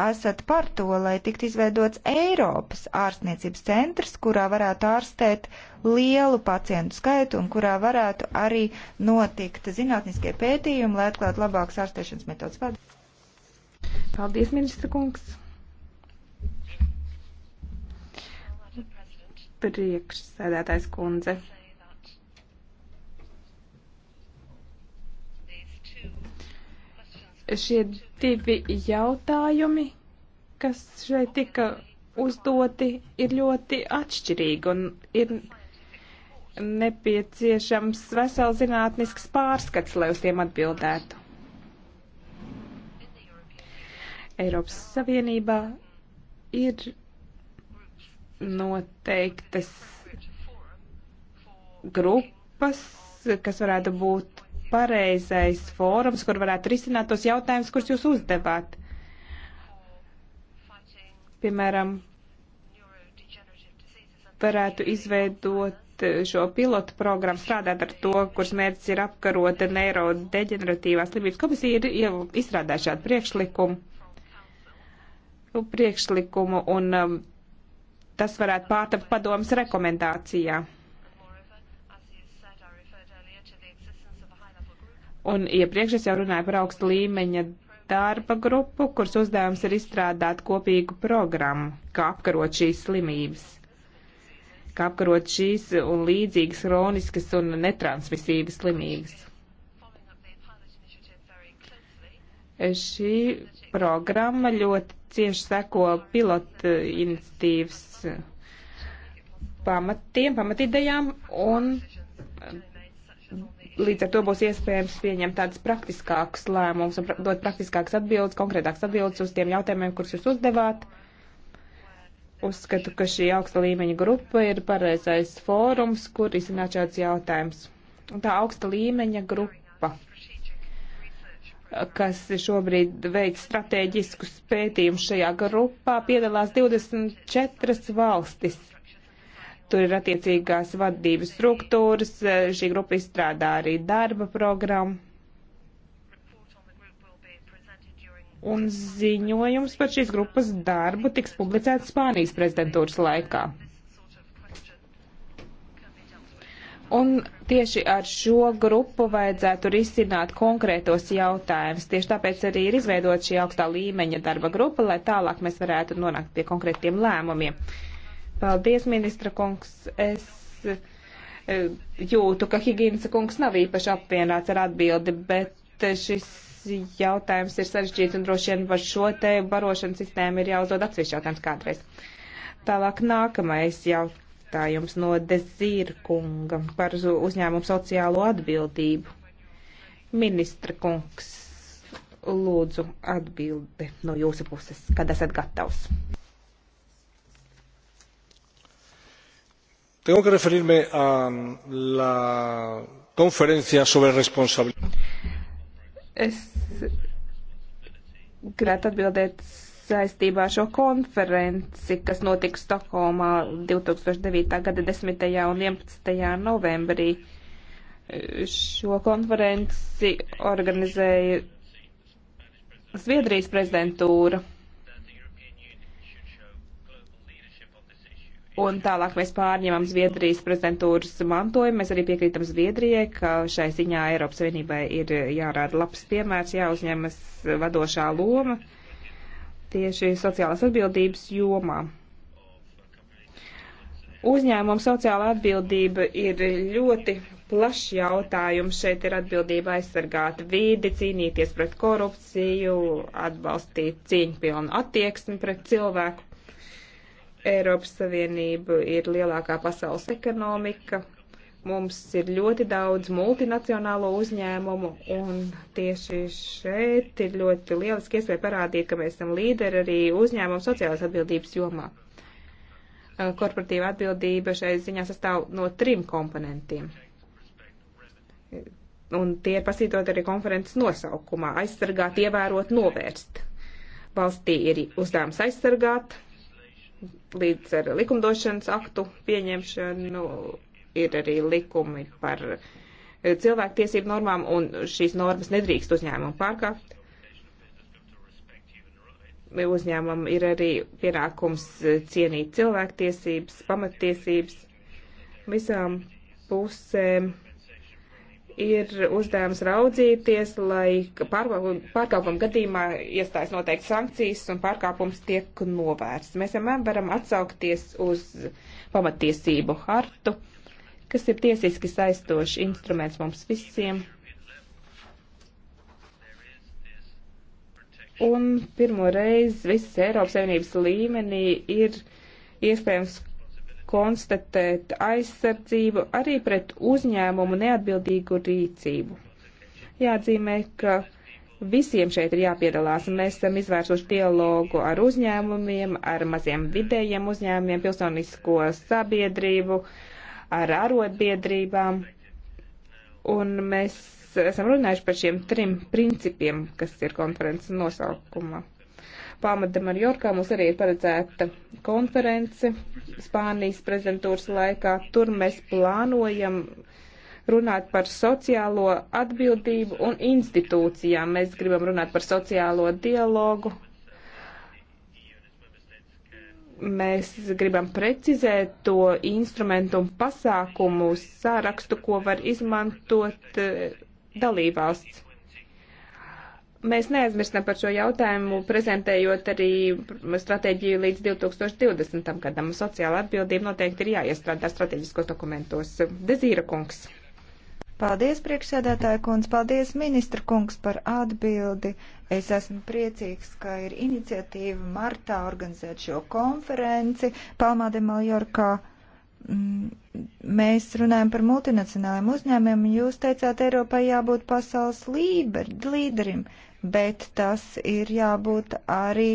esat par to, lai tiktu izveidots Eiropas ārstniecības centrs, kurā varētu ārstēt lielu pacientu skaitu un kurā varētu arī notikt zinātniskie pētījumi, lai atklātu labākas ārstēšanas metodas. Paldies, Paldies ministra kungs! Priekšsēdētājs kundze. šie divi jautājumi, kas šeit tika uzdoti, ir ļoti atšķirīgi un ir nepieciešams vesels zinātnisks pārskats, lai uz tiem atbildētu. Eiropas Savienībā ir noteiktas grupas, kas varētu būt pareizais fórums, kur varētu risināt tos jautājumus, kurus jūs uzdevāt. Piemēram, varētu izveidot šo pilotu programmu, strādāt ar to, kuras mērķis ir apkarot neirodeģeneratīvās slimības. Komisija ir jau izstrādājusi šādu priekšlikumu, priekšlikumu un um, tas varētu pārtapt padomas rekomendācijā. Un iepriekš es jau runāju par augsta līmeņa darba grupu, kuras uzdevums ir izstrādāt kopīgu programmu, kā apkarot šīs slimības, kā apkarot šīs un līdzīgas kroniskas un netransmisīvas slimības. Šī programma ļoti cieši seko pilota iniciatīvas pamatiem, pamatidejām, un Līdz ar to būs iespējams pieņemt tādus praktiskākus lēmumus un dot praktiskākas atbildes, konkrētākas atbildes uz tiem jautājumiem, kurus jūs uzdevāt. Uzskatu, ka šī augsta līmeņa grupa ir pareizais fórums, kur izsināt šāds jautājums. Un tā augsta līmeņa grupa kas šobrīd veic strateģiskus pētījumus šajā grupā, piedalās 24 valstis tur ir attiecīgās vadības struktūras, eh, šī grupa izstrādā arī darba programmu. Un ziņojums par šīs grupas darbu tiks publicēts Spānijas prezidentūras laikā. Un tieši ar šo grupu vajadzētu risināt konkrētos jautājumus. Tieši tāpēc arī ir izveidot šī augstā līmeņa darba grupa, lai tālāk mēs varētu nonākt pie konkrētiem lēmumiem. Uh, Paldies, ministra kungs. Es eh, jūtu, ka Higīnas kungs nav īpaši apvienāts ar atbildi, bet eh, šis jautājums ir sarežģīts un droši vien par šo te barošanas sistēmu ir jāuzdod atsevišķi jautājums kādreiz. Tālāk nākamais jautājums no Dezirkunga par uzņēmumu sociālo atbildību. Ministra kungs, lūdzu atbildi no jūsu puses, kad esat gatavs. Tengo que referirme a la conferencia sobre responsabilidad. Es gribētu atbildēt saistībā ar šo konferenci, kas notika Stokholmā 2009. gada 10. un 11. novembrī. Šo konferenci organizēja Zviedrijas prezidentūra. Un tālāk mēs pārņemam Zviedrijas prezidentūras mantojumu. Mēs arī piekrītam Zviedrijai, ka šai ziņā Eiropas Savienībai ir jārāda labs piemērs, jāuzņemas vadošā loma tieši sociālās atbildības jomā. Uzņēmuma sociālā atbildība ir ļoti plašs jautājums. Šeit ir atbildība aizsargāt vīdi, cīnīties pret korupciju, atbalstīt cīņpilnu attieksmi pret cilvēku. Eiropas Savienība ir lielākā pasaules ekonomika. Mums ir ļoti daudz multinacionālo uzņēmumu, un tieši šeit ir ļoti lieliski iespēja parādīt, ka mēs esam līderi arī uzņēmumu sociālās atbildības jomā. Korporatīva atbildība šai ziņā sastāv no trim komponentiem. Un tie ir pasītot arī konferences nosaukumā - aizsargāt, ievērot, novērst. Valstī ir uzdevums aizsargāt, līdz ar likumdošanas aktu pieņemšanu ir arī likumi par e, cilvēktiesību normām, un šīs normas nedrīkst uzņēmumu pārkāpt. Uzņēmumam ir arī pienākums e, cienīt cilvēktiesības, pamattiesības visām pusēm ir uzdevums raudzīties, lai pārkāpuma gadījumā iestājas noteikti sankcijas un pārkāpums tiek novērsts. Mēs vienmēr varam atsaukties uz pamatiesību hartu, kas ir tiesiski saistošs instruments mums visiem. Un pirmo reizi visas Eiropas Savienības līmenī ir iespējams konstatēt aizsardzību arī pret uzņēmumu neatbildīgu rīcību. Jāatzīmē, ka visiem šeit ir jāpiedalās. Mēs esam izvērsuši dialogu ar uzņēmumiem, ar maziem vidējiem uzņēmumiem, pilsonisko sabiedrību, ar arotbiedrībām. Un mēs esam runājuši par šiem trim principiem, kas ir konferences nosaukumā. Pamata Marjorkā mums arī ir paredzēta konference Spānijas prezidentūras laikā. Tur mēs plānojam runāt par sociālo atbildību un institūcijām. Mēs gribam runāt par sociālo dialogu. Mēs gribam precizēt to instrumentu un pasākumu sārakstu, ko var izmantot eh, dalībvalsts Mēs neaizmirstam par šo jautājumu, prezentējot arī stratēģiju līdz 2020. gadam. Sociāla atbildība noteikti ir jāiestrādā strateģiskos dokumentos. Dezīra kungs. Paldies, priekšsēdētāja kungs, paldies, ministra kungs, par atbildi. Es esmu priecīgs, ka ir iniciatīva martā organizēt šo konferenci Palmā de Maljorkā. Mm, mēs runājam par multinacionāliem uzņēmiem, un jūs teicāt, Eiropai jābūt pasaules līber, līderim. līderim bet tas ir jābūt arī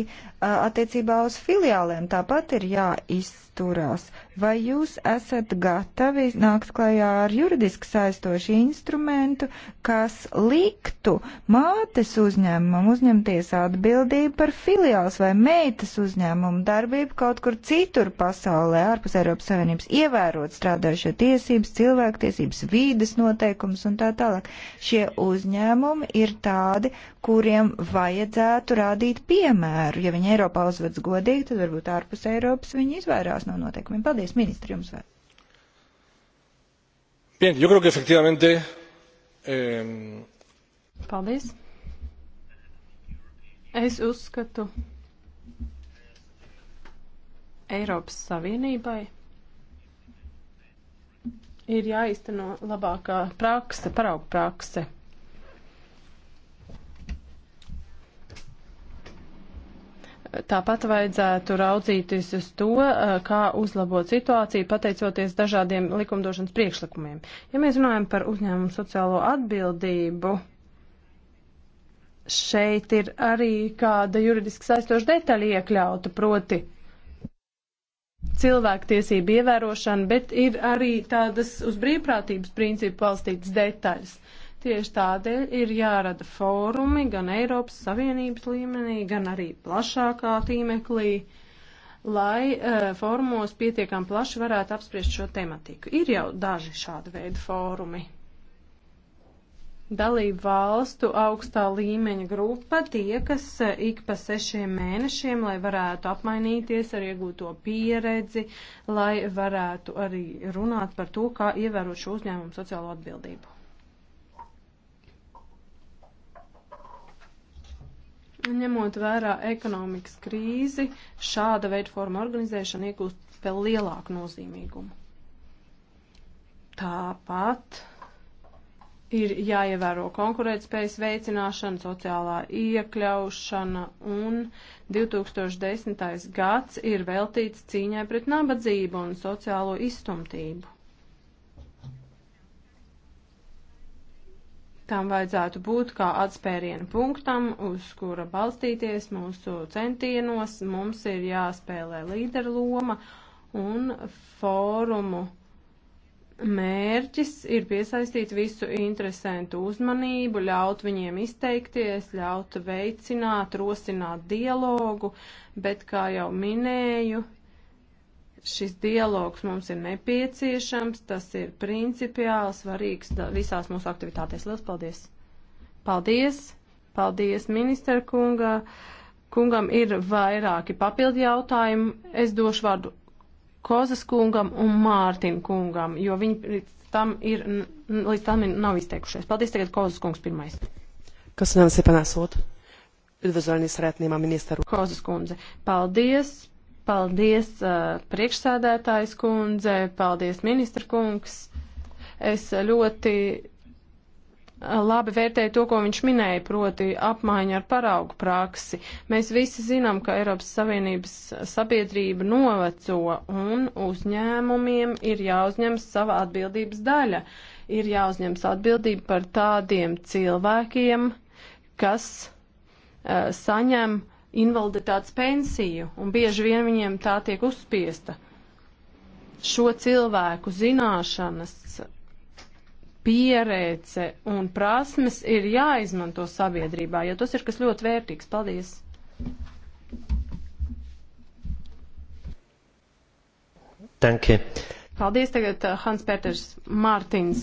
attiecībā uz filiāliem. Tāpat ir jāizsaka turās. Vai jūs esat gatavi nākt klajā ar juridiski saistošu instrumentu, kas liktu mātes uzņēmumam uzņemties atbildību par filiāls vai meitas uzņēmumu darbību kaut kur citur pasaulē, ārpus Eiropas Savienības, ievērot strādājušo tiesības, cilvēktiesības, vīdes noteikumus un tā tālāk? Šie uzņēmumi ir tādi, kuriem vajadzētu rādīt piemēru. Ja viņi Eiropā uzvedas godīgi, tad varbūt ārpus Eiropas viņi izvairās no noteikumiem. Paldies, ministri, jums vēl. Bien, yo creo que efectivamente. Eh... Paldies. Es uzskatu, Eiropas Savienībai ir jāizteno labākā prakse, parauga prakse. Tāpat vajadzētu raudzīties uz to, kā uzlabot situāciju, pateicoties dažādiem likumdošanas priekšlikumiem. Ja mēs runājam par uzņēmumu sociālo atbildību, šeit ir arī kāda juridiski saistoša detaļa iekļauta, proti cilvēktiesību ievērošana, bet ir arī tādas uz brīvprātības principu valstītas detaļas. Uh, Tieši tādēļ ir jārada fórumi gan Eiropas Savienības līmenī, gan arī plašākā tīmeklī, lai uh, fórumos pietiekam plaši varētu apspriest šo tematiku. Ir jau daži šāda veida fórumi. Dalību valstu augstā līmeņa grupa tiekas eh, ik pa sešiem mēnešiem, lai varētu apmainīties ar iegūto pieredzi, lai varētu arī runāt par to, kā ievērot šo uzņēmumu sociālo atbildību. Ņemot vērā ekonomikas krīzi, šāda veida forma organizēšana iegūst vēl lielāku nozīmīgumu. Tāpat ir jāievēro konkurētspējas veicināšana, sociālā iekļaušana un 2010. gads ir veltīts cīņai pret nabadzību un sociālo izstumtību. Tam vajadzētu būt kā atspērienu punktam, uz kura balstīties mūsu centienos. Mums ir jāspēlē līderu loma un fórumu mērķis ir piesaistīt visu interesantu uzmanību, ļaut viņiem izteikties, ļaut veicināt, rosināt dialogu, bet, kā jau minēju, Šis dialogs mums ir nepieciešams, tas ir principiāli svarīgs visās mūsu aktivitātēs. Lielas paldies! Paldies! Paldies, ministra kunga! Kungam ir vairāki papildi jautājumi. Es došu vārdu Kozas kungam un Mārtin kungam, jo viņi līdz tam, ir, līdz tam ir, nav izteikušies. Paldies tagad Kozas kungs pirmais. Köszönöm szépen a szót. Üdvözölni szeretném a miniszter úr. Kozas kundze, paldies, Paldies uh, priekšsēdētājs kundze, paldies ministra kungs. Es ļoti labi vērtēju to, ko viņš minēja, proti apmaiņu ar paraugu praksi. Mēs visi zinām, ka Eiropas Savienības sabiedrība noveco un uzņēmumiem ir jāuzņems sava atbildības daļa. Ir jāuzņems atbildība par tādiem cilvēkiem, kas uh, saņem uh, invaliditātes pensiju, un bieži vien viņiem tā tiek uzspiesta. Šo cilvēku zināšanas, pieredze un prasmes ir jāizmanto sabiedrībā, jo tas ir kas ļoti vērtīgs. Paldies! Danke. Paldies tagad uh, Hans Peters Mārtins.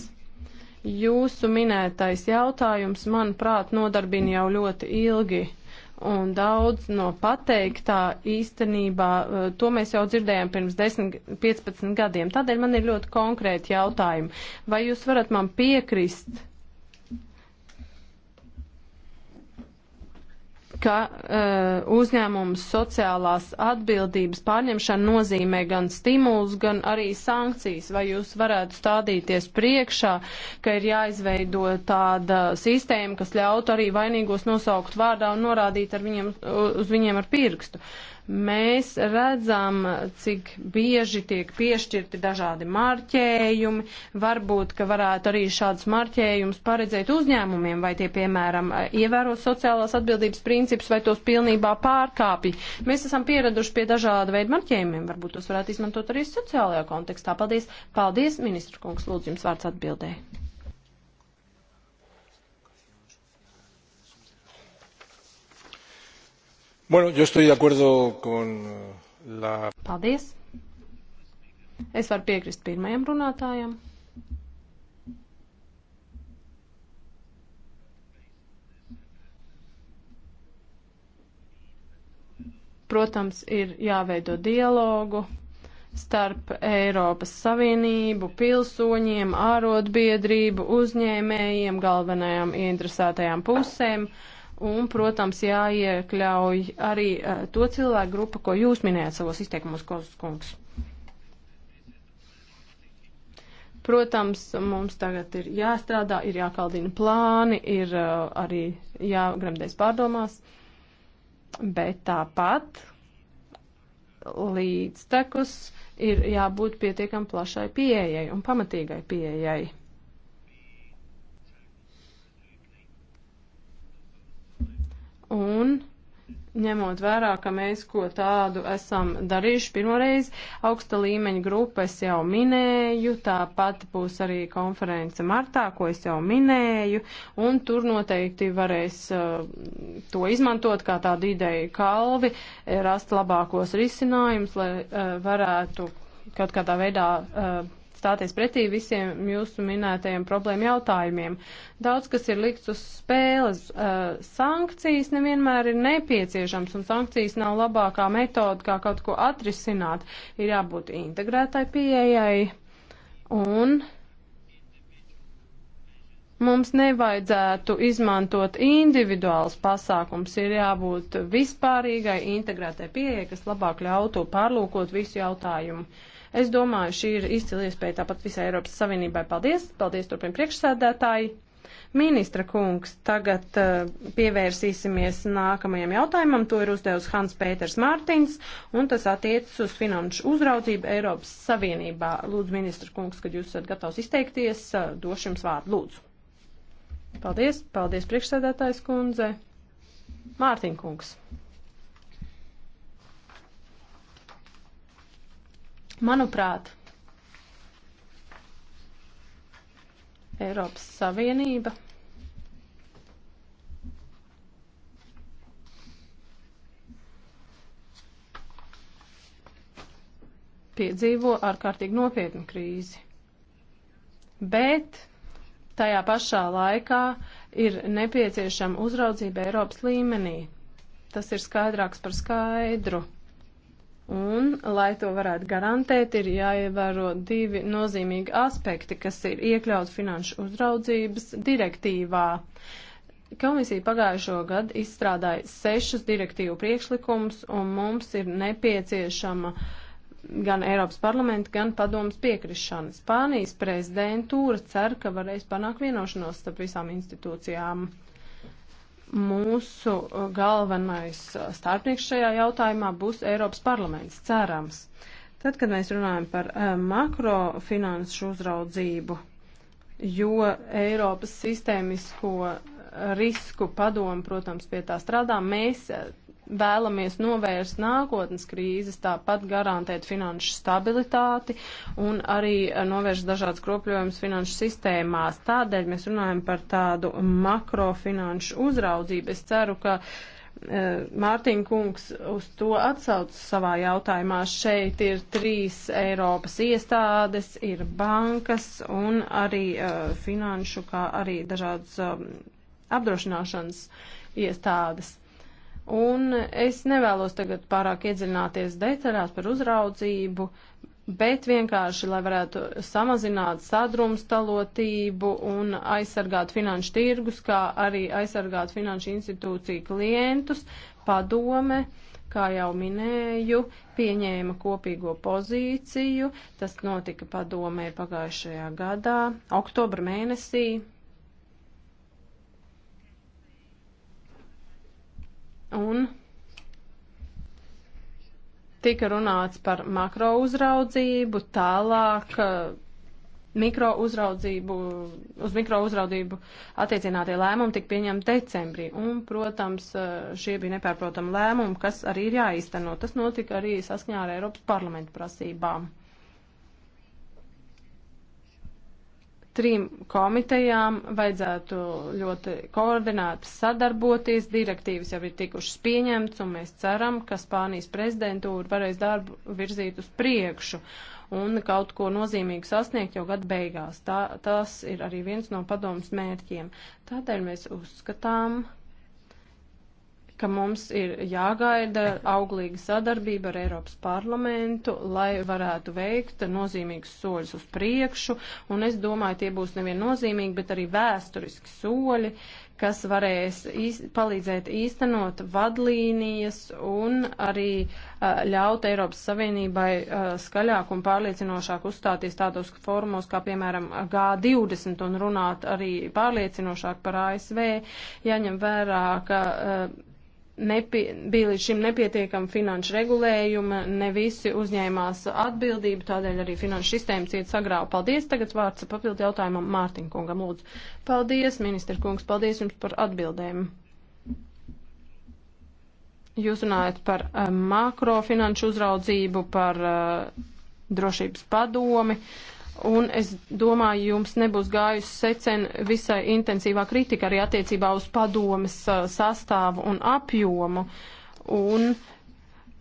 Jūsu minētais jautājums, manuprāt, nodarbina jau ļoti ilgi. Uh, Un daudz no pateiktā īstenībā, eh, to mēs jau dzirdējām pirms 10, 15 gadiem. Tādēļ man ir ļoti konkrēti jautājumi. Vai jūs varat man piekrist, ka uh, uzņēmums sociālās atbildības pārņemšana nozīmē gan stimulus, gan arī sankcijas. Vai jūs varētu stādīties priekšā, ka ir jāizveido tāda sistēma, kas ļautu arī vainīgos nosaukt vārdā un norādīt viņiem, uz viņiem ar pirkstu? Uh, Mēs redzam, cik bieži tiek piešķirti dažādi marķējumi. Varbūt, ka varētu arī šādus marķējumus paredzēt uzņēmumiem, vai tie, piemēram, ievēro sociālās atbildības principus, vai tos pilnībā pārkāpj. Mēs esam pieraduši pie dažāda veida marķējumiem. Varbūt tos varētu izmantot arī sociālajā kontekstā. Paldies! Paldies, ministru kungs! Lūdzu, jums vārds atbildēja. Bueno, yo estoy de acuerdo con eh, la... Paldies. Es varu piekrist pirmajam runātājam. Protams, ir jāveido dialogu starp Eiropas Savienību, pilsoņiem, ārotbiedrību, uzņēmējiem, galvenajām interesētajām pusēm. Uh, Un, protams, jāiekļauj arī uh, to cilvēku grupu, ko jūs minējāt savos izteikumos, Kozas kungs. Protams, mums tagad ir jāstrādā, ir jākaldina plāni, ir uh, arī jāgremdēs pārdomās, bet tāpat līdztekus ir jābūt pietiekam plašai pieejai un pamatīgai pieejai. un ņemot vērā, ka mēs ko tādu esam darījuši pirmoreiz, augsta līmeņa grupa es jau minēju, tāpat būs arī konference martā, ko es jau minēju, un tur noteikti varēs uh, to izmantot kā tādu ideju kalvi, rast labākos risinājumus, lai uh, varētu kaut kādā veidā uh, stāties pretī visiem jūsu minētajiem problēmu jautājumiem. Daudz, kas ir likts uz spēles, uh, sankcijas nevienmēr ir nepieciešams, un sankcijas nav labākā metoda, kā kaut ko atrisināt. Ir jābūt integrētai pieejai, un mums nevajadzētu izmantot individuāls pasākums, ir jābūt vispārīgai integrētai pieejai, kas labāk ļautu pārlūkot visu jautājumu. Uh, Es domāju, šī ir izcila iespēja tāpat visai Eiropas Savienībai. Paldies! Paldies turpin priekšsēdētāji! Ministra kungs, tagad uh, pievērsīsimies nākamajam jautājumam. To ir uzdevusi Hans Pēters Mārtiņš, un tas attiecas uz finanšu uzraudzību Eiropas Savienībā. Lūdzu, ministra kungs, kad jūs esat gatavs izteikties, uh, došu jums vārdu. Lūdzu. Paldies, paldies priekšsēdētājs kundze. Mārtiņ kungs. Manuprāt, Eiropas Savienība piedzīvo ārkārtīgi nopietnu krīzi. Bet tajā pašā laikā ir nepieciešama uzraudzība Eiropas līmenī. Tas ir skaidrāks par skaidru. Un, lai to varētu garantēt, ir jāievēro divi nozīmīgi aspekti, kas ir iekļauti finanšu uzraudzības direktīvā. Komisija pagājušo gadu izstrādāja sešus direktīvu priekšlikumus, un mums ir nepieciešama gan Eiropas parlamenta, gan padomas piekrišana. Spānijas prezidentūra cer, ka varēs panākt vienošanos starp visām institūcijām mūsu uh, galvenais uh, starpnieks šajā jautājumā būs Eiropas parlaments, cerams. Tad, kad mēs runājam par uh, makrofinanšu uzraudzību, jo Eiropas sistēmisko risku padomu, protams, pie tā strādā, mēs vēlamies novērst nākotnes krīzes, tāpat garantēt finanšu stabilitāti un arī novērst dažādas kropļojumus finanšu sistēmās. Tādēļ mēs runājam par tādu makrofinanšu uzraudzību. Es ceru, ka eh, Mārtiņa kungs uz to atsaucas savā jautājumā. Šeit ir trīs Eiropas iestādes, ir bankas un arī uh, finanšu, kā arī dažādas um, apdrošināšanas iestādes. Un es nevēlos tagad pārāk iedziļināties detaļās par uzraudzību, bet vienkārši, lai varētu samazināt sadrumstalotību un aizsargāt finanšu tirgus, kā arī aizsargāt finanšu institūciju klientus, padome, kā jau minēju, pieņēma kopīgo pozīciju. Tas notika padomē pagājušajā gadā, oktobra mēnesī, un tika runāts par makro uzraudzību, tālāk eh, mikro uzraudzību, uz mikro uzraudzību attiecinātie lēmumi tika pieņemti decembrī. Un, protams, eh, šie bija nepārprotami lēmumi, kas arī ir jāīsteno. Tas notika arī saskņā ar Eiropas parlamentu prasībām. trim komitejām vajadzētu ļoti koordinēti sadarboties. Direktīvas jau ir tikušas pieņemts, un mēs ceram, ka Spānijas prezidentūra varēs darbu virzīt uz priekšu un kaut ko nozīmīgu sasniegt jau gada beigās. Tā, tas ir arī viens no padomus mērķiem. Tādēļ mēs uzskatām, ka mums ir jāgaida auglīga sadarbība ar Eiropas parlamentu, lai varētu veikt nozīmīgus soļus uz priekšu, un es domāju, tie būs nevien nozīmīgi, bet arī vēsturiski soļi, kas varēs īst, palīdzēt īstenot vadlīnijas un arī uh, ļaut Eiropas Savienībai uh, skaļāk un pārliecinošāk uzstāties tādos formos, kā piemēram G20 un runāt arī pārliecinošāk par ASV, jaņem vērā, ka uh, nepie, bija līdz šim nepietiekama finanšu regulējuma, ne visi uzņēmās atbildību, tādēļ arī finanšu sistēma ciet sagrāva. Paldies, tagad vārds papildu jautājumam Mārtiņkungam, lūdzu. Paldies, ministra kungs, paldies jums par atbildēm. Jūs runājat par uh, makrofinanšu uzraudzību, par uh, drošības padomi. Uh, Un es domāju, jums nebūs gājusi secen visai intensīvā kritika arī attiecībā uz padomes sastāvu un apjomu. Un uh,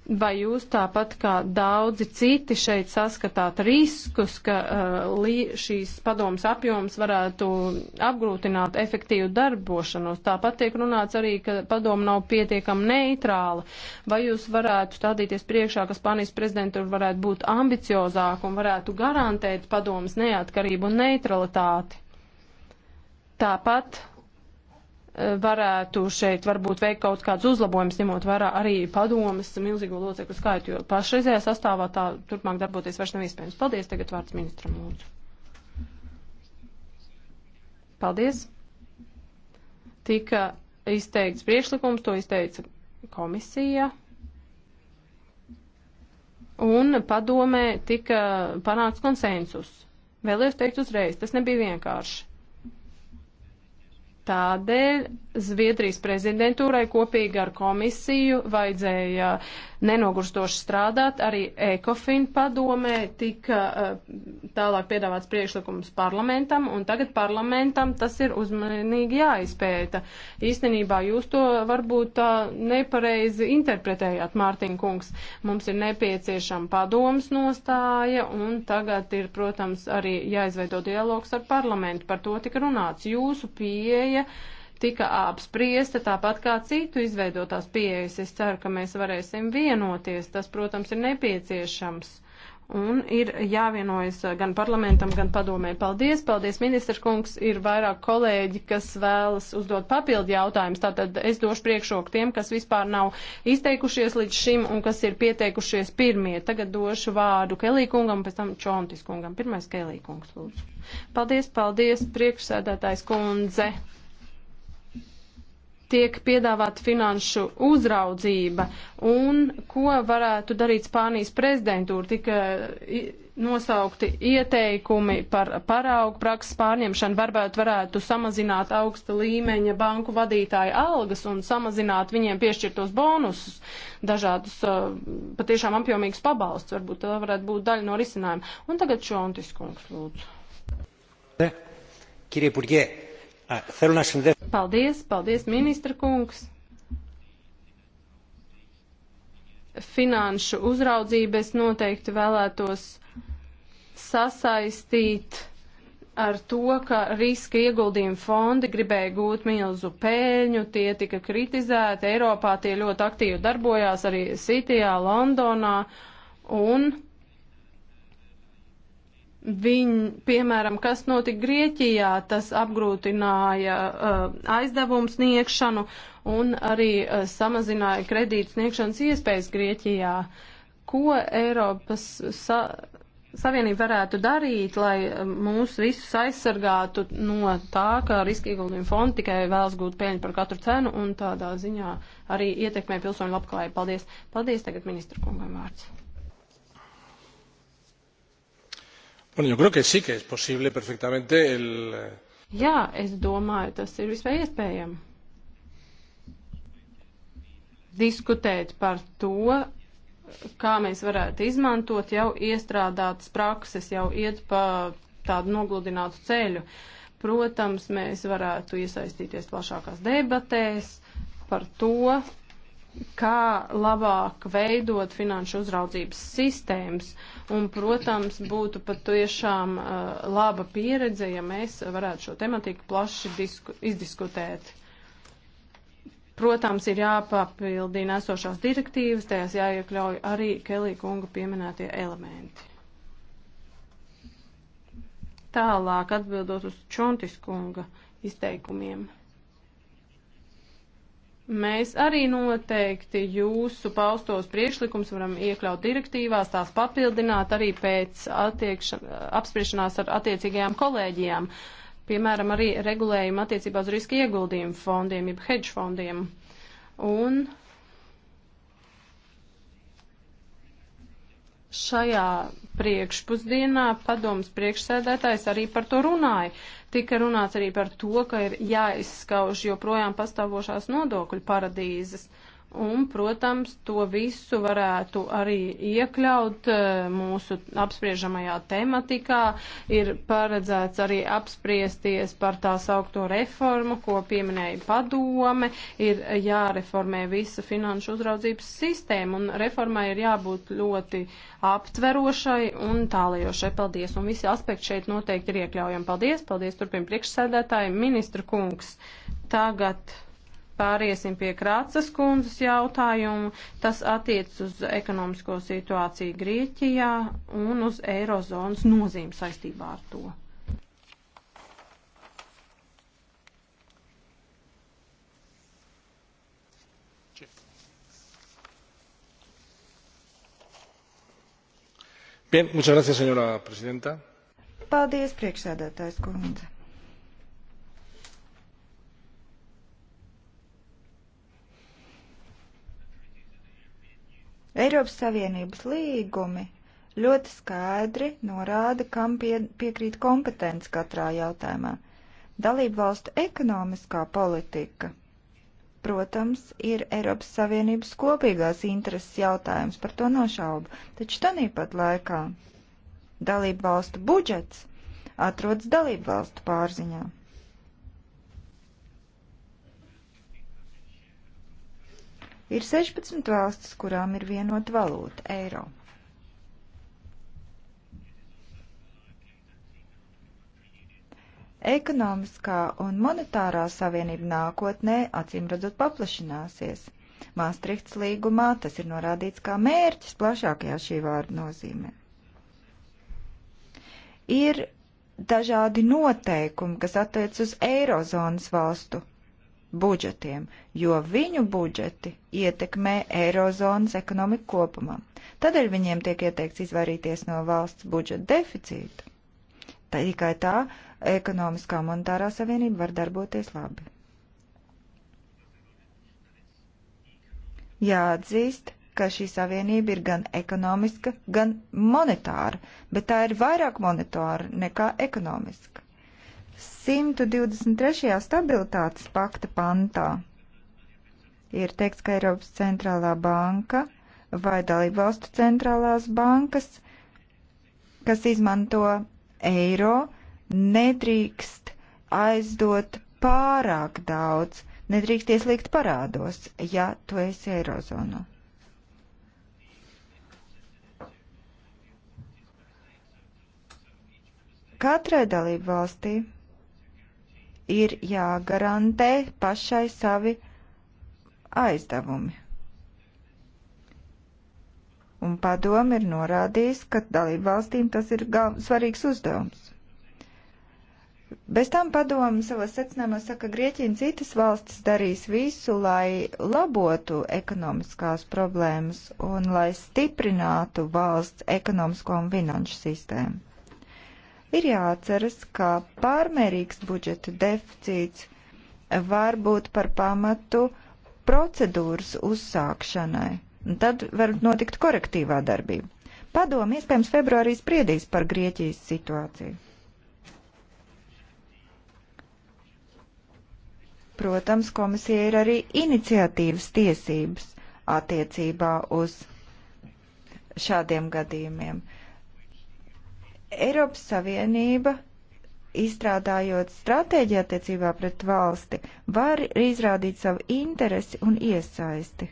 Vai jūs tāpat kā daudzi citi šeit saskatāt riskus, ka uh, šīs padomas apjoms varētu apgrūtināt efektīvu darbošanos? Tāpat tiek runāts arī, ka padoma nav pietiekami neitrāla. Vai jūs varētu stādīties priekšā, ka Spānijas prezidentūra varētu būt ambiciozāka un varētu garantēt padomas neatkarību un neutralitāti? Tāpat varētu šeit varbūt veikt kaut kādus uzlabojumus, ņemot vērā arī padomas milzīgo locekļu skaitu, jo pašreizējā sastāvā tā turpmāk darboties vairs nav iespējams. Paldies, tagad vārds ministram lūdzu. Paldies. Tika izteikts priekšlikums, to izteica komisija. Un padomē tika panāks konsensus. Vēlējos teikt uzreiz, tas nebija vienkārši. Tādēļ Zviedrijas prezidentūrai kopīgi ar komisiju vajadzēja uh, nenogurstoši strādāt. Arī ECOFIN padomē tika uh, tālāk piedāvāts priekšlikums parlamentam, un tagad parlamentam tas ir uzmanīgi jāizpēta. Īstenībā jūs to varbūt uh, nepareizi interpretējāt, Mārtiņ kungs. Mums ir nepieciešama padomas nostāja, un tagad ir, protams, arī jāizveido dialogs ar parlamentu. Par to tika runāts. Jūsu pieeja. Uh, tika apspriesta, tāpat kā citu izveidotās pieejas. Es ceru, ka mēs varēsim vienoties. Tas, protams, ir nepieciešams. Un ir jāvienojas gan parlamentam, gan padomē. Paldies, paldies, ministrs kungs. Ir vairāk kolēģi, kas vēlas uzdot papildu jautājumus. Tātad es došu priekšroku tiem, kas vispār nav izteikušies līdz šim un kas ir pieteikušies pirmie. Tagad došu vārdu Kelī kungam, pēc tam Čontis kungam. Pirmais Kelī kungs, lūdzu. Paldies, paldies, priekšsēdētājs kundze tiek piedāvāta finanšu uzraudzība un ko varētu darīt Spānijas prezidentūra. Tika nosaukti ieteikumi par paraugu prakses pārņemšanu, varbūt varētu samazināt augsta līmeņa banku vadītāju algas un samazināt viņiem piešķirtos bonusus, dažādus uh, patiešām apjomīgus pabalsts, varbūt tā varētu būt daļa no risinājuma. Un tagad Šontis kungs, lūdzu. Kirie Purģē, Paldies, paldies, ministra kungs. Finanšu uzraudzību es noteikti vēlētos sasaistīt ar to, ka riska ieguldījuma fondi gribēja gūt milzu pēļņu, tie tika kritizēti, Eiropā tie ļoti aktīvi darbojās arī Sitijā, Londonā, un Viņi, piemēram, kas notika Grieķijā, tas apgrūtināja uh, aizdevumu sniegšanu un arī uh, samazināja kredīt sniegšanas iespējas Grieķijā. Ko Eiropas sa Savienība varētu darīt, lai um, mūs visus aizsargātu no tā, ka riska ieguldījuma fondi tikai vēlas gūt peļņu par katru cenu un tādā ziņā arī ietekmē pilsoņu labklājību? Paldies! Paldies tagad ministra kungam vārds! Bueno, yo creo que sí, que es posible perfectamente el. Eh, Jā, es domāju, tas ir visai iespējami. Diskutēt par to, kā mēs varētu izmantot jau iestrādātas prakses, jau iet pa tādu nogludinātu ceļu. Protams, mēs varētu iesaistīties plašākās debatēs par to, kā labāk veidot finanšu uzraudzības sistēmas. Uh, Un, protams, būtu patiešām uh, laba pieredze, ja mēs varētu šo tematiku plaši disku, izdiskutēt. Protams, ir jāpapildina esošās direktīvas, tajās jāiekļauj arī Kelī kunga pieminētie elementi. Tālāk atbildot uz Čontis kunga izteikumiem. Mēs arī noteikti jūsu paustos priekšlikums varam iekļaut direktīvās, tās papildināt arī pēc apspriešanās ar attiecīgajām kolēģijām, piemēram, arī regulējumu attiecībā uz riska ieguldījumu fondiem, jeb hedge fondiem. Un šajā priekšpusdienā padomas priekšsēdētājs arī par to runāja. Uh, Tika runāts arī par to, ka ir jāizskauž joprojām pastāvošās nodokļu paradīzes. Uh, Un, protams, to visu varētu arī iekļaut eh, mūsu apspriežamajā tematikā. Ir paredzēts arī apspriesties par tā saukto reformu, ko pieminēja padome. Ir jāreformē visa finanšu uzraudzības sistēma, un reformai ir jābūt ļoti aptverošai un tālajošai. Paldies! Un visi aspekti šeit noteikti ir iekļaujami. Paldies! Paldies! Turpin priekšsēdētāji, ministra kungs. Tagad Pāriesim pie Krācas kundzes jautājumu. Tas attiec uz ekonomisko situāciju Grieķijā un uz eirozonas nozīmi saistībā ar to. Bien, muchas gracias, señora presidenta. Paldies, priekšsēdētājs kundze. Eiropas Savienības līgumi ļoti skaidri norāda, kam pie, piekrīt kompetence katrā jautājumā. Dalību valstu ekonomiskā politika, protams, ir Eiropas Savienības kopīgās intereses jautājums, par to nošaubu, taču tanīpat laikā dalību valstu budžets atrodas dalību valstu pārziņā. Ir 16 valstis, kurām ir vienota valūta - eiro. Ekonomiskā un monetārā savienība nākotnē acīmredzot paplašināsies. Māstrihts līgumā tas ir norādīts kā mērķis plašākajā šī vārda nozīmē. Ir dažādi noteikumi, kas attiec uz eirozonas valstu budžetiem, jo viņu budžeti ietekmē eirozonas ekonomiku kopumā. Tādēļ viņiem tiek ieteikts izvairīties no valsts budžeta deficīta. Tā tikai tā ekonomiskā monetārā savienība var darboties labi. Jāatzīst, ka šī savienība ir gan ekonomiska, gan monetāra, bet tā ir vairāk monetāra nekā ekonomiska. 123. stabilitātes pakta pantā ir teikts, ka Eiropas centrālā banka vai dalību valstu centrālās bankas, kas izmanto eiro, nedrīkst aizdot pārāk daudz, nedrīkst ieslīgt parādos, ja tu esi eirozonā. Katrai dalību valstī ir jāgarantē pašai savi aizdevumi. Un padomi ir norādījis, ka dalību valstīm tas ir gal, svarīgs uzdevums. Bez tam padomu savos secinājumos saka, ka Grieķija un citas valstis darīs visu, lai labotu ekonomiskās problēmas un lai stiprinātu valsts ekonomisko un finanšu sistēmu. Ir jāatceras, ka pārmērīgs budžeta deficīts var būt par pamatu procedūras uzsākšanai, un tad var notikt korektīvā darbība. Padomi iespējams februārī spriedīs par Grieķijas situāciju. Protams, komisija ir arī iniciatīvas tiesības attiecībā uz šādiem gadījumiem. Eiropas Savienība izstrādājot stratēģiju attiecībā pret valsti, var izrādīt savu interesi un iesaisti.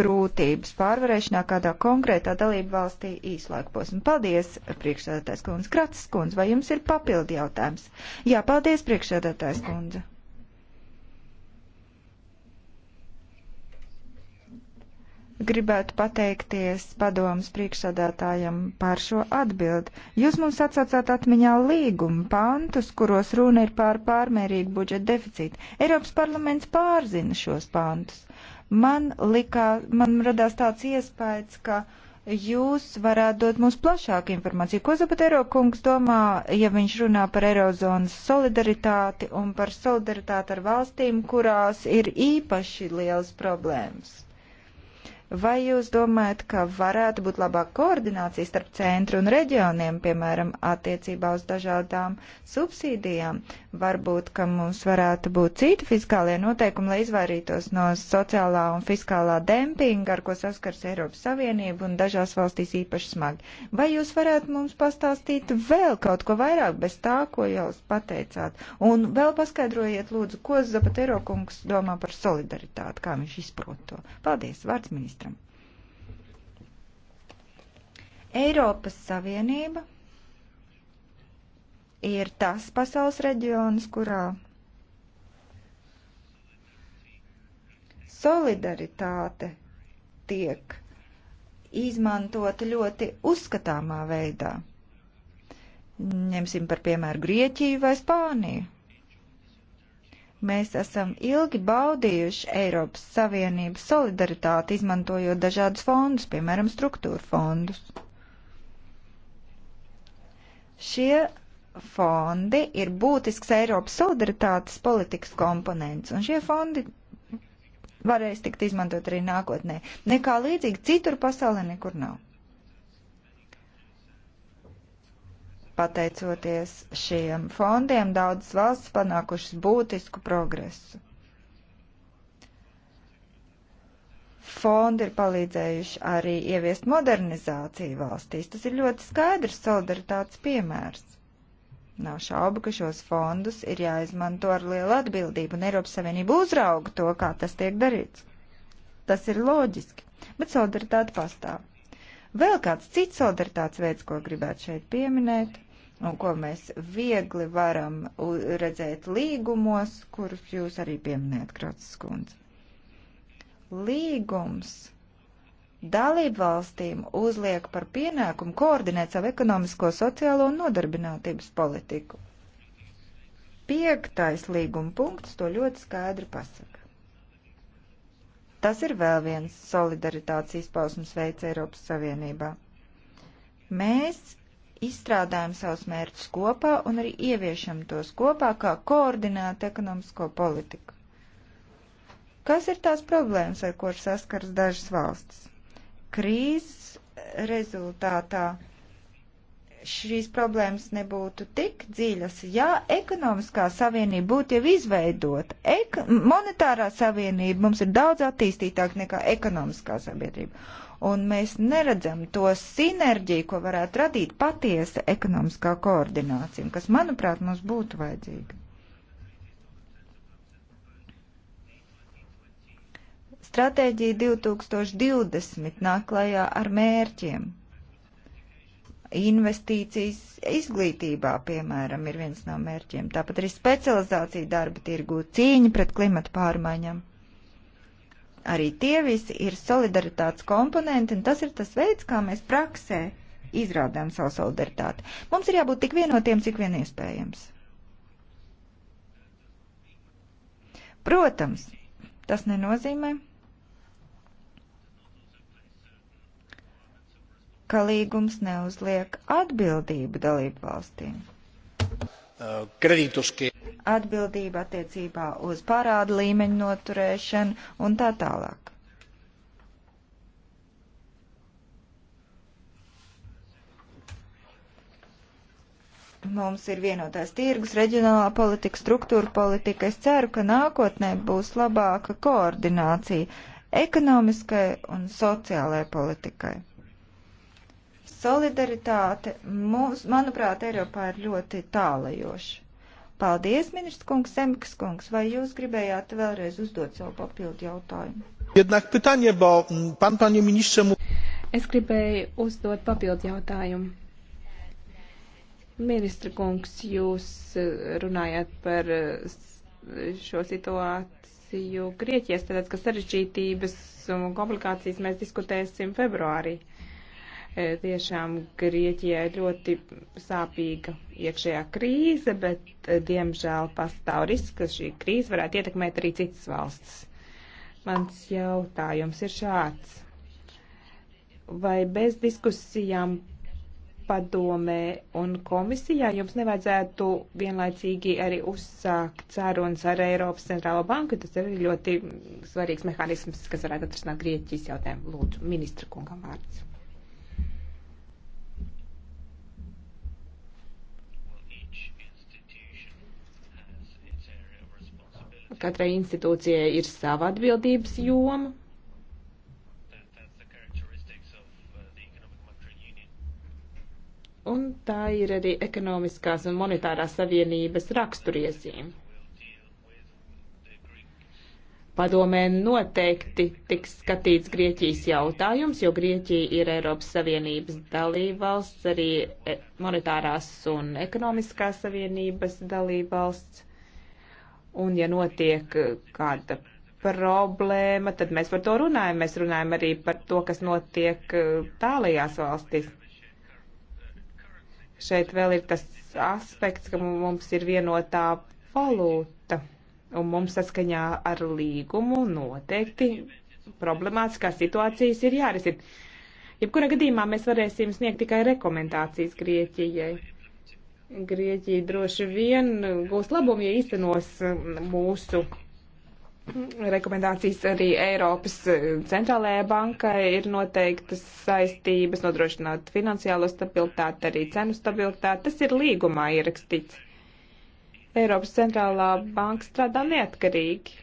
Grūtības pārvarēšanā kādā konkrētā dalība valstī īslaika posma. Paldies, priekšsēdētājs kundze. Kratas kundze, vai jums ir papildi jautājums? Jā, paldies, priekšsēdētājs kundze. gribētu pateikties padomas priekšsādātājam par šo atbildi. Jūs mums atsaucāt atmiņā līgumu pantus, kuros runa ir pār pārmērīgu budžeta deficītu. Eiropas parlaments pārzina šos pantus. Man likā, man radās tāds iespējas, ka jūs varētu dot mums plašāku informāciju. Ko Zapatero kungs domā, ja viņš runā par Eirozonas solidaritāti un par solidaritāti ar valstīm, kurās ir īpaši liels problēmas? Vai jūs domājat, ka varētu būt labāka koordinācija starp centru un reģioniem, piemēram, attiecībā uz dažādām subsīdijām? Varbūt, ka mums varētu būt citi fiskālie noteikumi, lai izvairītos no sociālā un fiskālā dempinga, ar ko saskars Eiropas Savienība un dažās valstīs īpaši smagi. Vai jūs varētu mums pastāstīt vēl kaut ko vairāk bez tā, ko jau pateicāt? Un vēl paskaidrojiet, lūdzu, ko Zapatero kungs domā par solidaritāti, kā viņš izprot to. Paldies, vārds ministrs ministram. Eiropas Savienība ir tas pasaules reģions, kurā solidaritāte tiek izmantota ļoti uzskatāmā veidā. Ņemsim par piemēru Grieķiju vai Spāniju. Mēs esam ilgi baudījuši Eiropas Savienības solidaritāti, izmantojot dažādus fondus, piemēram, struktūra fondus. Šie fondi ir būtisks Eiropas solidaritātes politikas komponents, un šie fondi varēs tikt izmantot arī nākotnē. Nekā līdzīga citur pasaulē nekur nav. Pateicoties šiem fondiem, daudzas valsts panākušas būtisku progresu. Fondi ir palīdzējuši arī ieviest modernizāciju valstīs. Tas ir ļoti skaidrs solidaritātes piemērs. Nav šaubu, ka šos fondus ir jāizmanto ar lielu atbildību, un Eiropas Savienība uzrauga to, kā tas tiek darīts. Tas ir loģiski, bet solidaritāte pastāv. Vēl kāds cits solidaritātes veids, ko gribētu šeit pieminēt, un ko mēs viegli varam redzēt līgumos, kurus jūs arī pieminējat, Krocis kundze. Līgums dalību valstīm uzliek par pienākumu koordinēt savu ekonomisko, sociālo un nodarbinātības politiku. Piektais līguma punkts to ļoti skaidri pasaka. Tas ir vēl viens solidaritātes izpausmes veids Eiropas Savienībā. Mēs izstrādājam savus mērķus kopā un arī ieviešam tos kopā kā koordinētu ekonomisko politiku. Kas ir tās problēmas, ar ko saskars dažas valstis? Krīzes rezultātā šīs problēmas nebūtu tik dziļas, ja ekonomiskā savienība būtu jau izveidota. Eko monetārā savienība mums ir daudz attīstītāka nekā ekonomiskā sabiedrība. Un mēs neredzam to sinerģiju, ko varētu radīt patiesa ekonomiskā koordinācija, kas, manuprāt, mums būtu vajadzīga. Stratēģija 2020 nāk klajā ar mērķiem Investīcijas izglītībā, piemēram, ir viens no mērķiem. Tāpat arī specializācija darba tirgū, cīņa pret klimatu pārmaiņām. Arī tie visi ir solidaritātes komponenti, un tas ir tas veids, kā mēs praksē izrādām savu solidaritāti. Mums ir jābūt tik vienotiem, cik vien iespējams. Protams, tas nenozīmē, ka līgums neuzliek atbildību dalību valstīm. Uh, Atbildība attiecībā uz parādu līmeņu noturēšanu un tā tālāk. mums ir vienotās tirgus, reģionālā politika, struktūra politika. Es ceru, ka nākotnē būs labāka koordinācija ekonomiskai un sociālajai politikai. Solidaritāte, mūs, manuprāt, Eiropā ir ļoti tālajoša. Paldies, ministrs kungs, Semkas kungs, vai jūs gribējāt vēlreiz uzdot savu papildu jautājumu? Jednak pytanie, bo mm, pan, panie ministrze, mu... Es gribēju uzdot papildu jautājumu. Ministra kungs, jūs eh, runājāt par eh, šo situāciju Grieķijas, tātad, ka sarežģītības un komplikācijas mēs diskutēsim februārī. E, tiešām Grieķijai ļoti sāpīga iekšējā krīze, bet e, diemžēl pastāv risks, ka šī krīze varētu ietekmēt arī citas valsts. Mans jautājums ir šāds. Vai bez diskusijām padomē un komisijā jums nevajadzētu vienlaicīgi arī uzsākt sarunas ar Eiropas centrālo banku. Tas ir ļoti svarīgs mehānisms, kas varētu atrisināt Grieķijas jautājumu. Lūdzu, ministra kungam vārds. Katrai institūcijai ir sava atbildības joma. Un tā ir arī ekonomiskās un monetārās savienības raksturiesīme. Padomē noteikti tiks skatīts Grieķijas jautājums, jo Grieķija ir Eiropas Savienības dalībvalsts, arī e- monetārās un ekonomiskās savienības dalībvalsts. Un ja notiek eh, kāda problēma, tad mēs par to runājam. Mēs runājam arī par to, kas notiek eh, tālajās valstīs. Šeit vēl ir tas aspekts, ka mums ir vienotā valūta, un mums saskaņā ar līgumu noteikti problemātiskās situācijas ir jārisina. Jebkurā gadījumā mēs varēsim sniegt tikai rekomendācijas Grieķijai. Grieķija droši vien gūs labumu, ja īstenos mūsu rekomendācijas arī Eiropas centrālajai bankai ir noteiktas saistības nodrošināt finansiālo stabilitāti, arī cenu stabilitāti. Tas ir līgumā ierakstīts. Eiropas centrālā banka strādā neatkarīgi.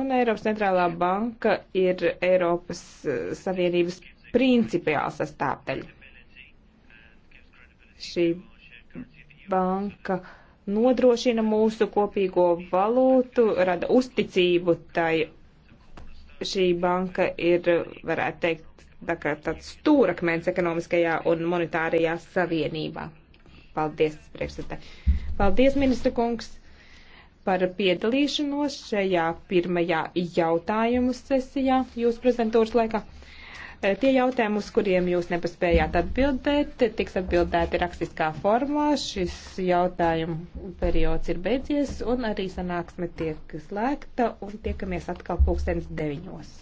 Un Eiropas centrālā banka ir Eiropas Savienības principiāla sastāvdaļa šī banka nodrošina mūsu kopīgo valūtu, rada uzticību tai. Šī banka ir, varētu teikt, tā kā tāds stūrakmens ekonomiskajā un monetārajā savienībā. Paldies, priekšsēdē. Paldies, ministra kungs, par piedalīšanos šajā pirmajā jautājumu sesijā jūsu prezentūras laikā. Eh, tie jautājumi, uz kuriem jūs nepaspējāt atbildēt, tiks atbildēti rakstiskā formā. Šis jautājumu periods ir beidzies un arī sanāksme tiek slēgta un tiekamies atkal pulkstens deviņos.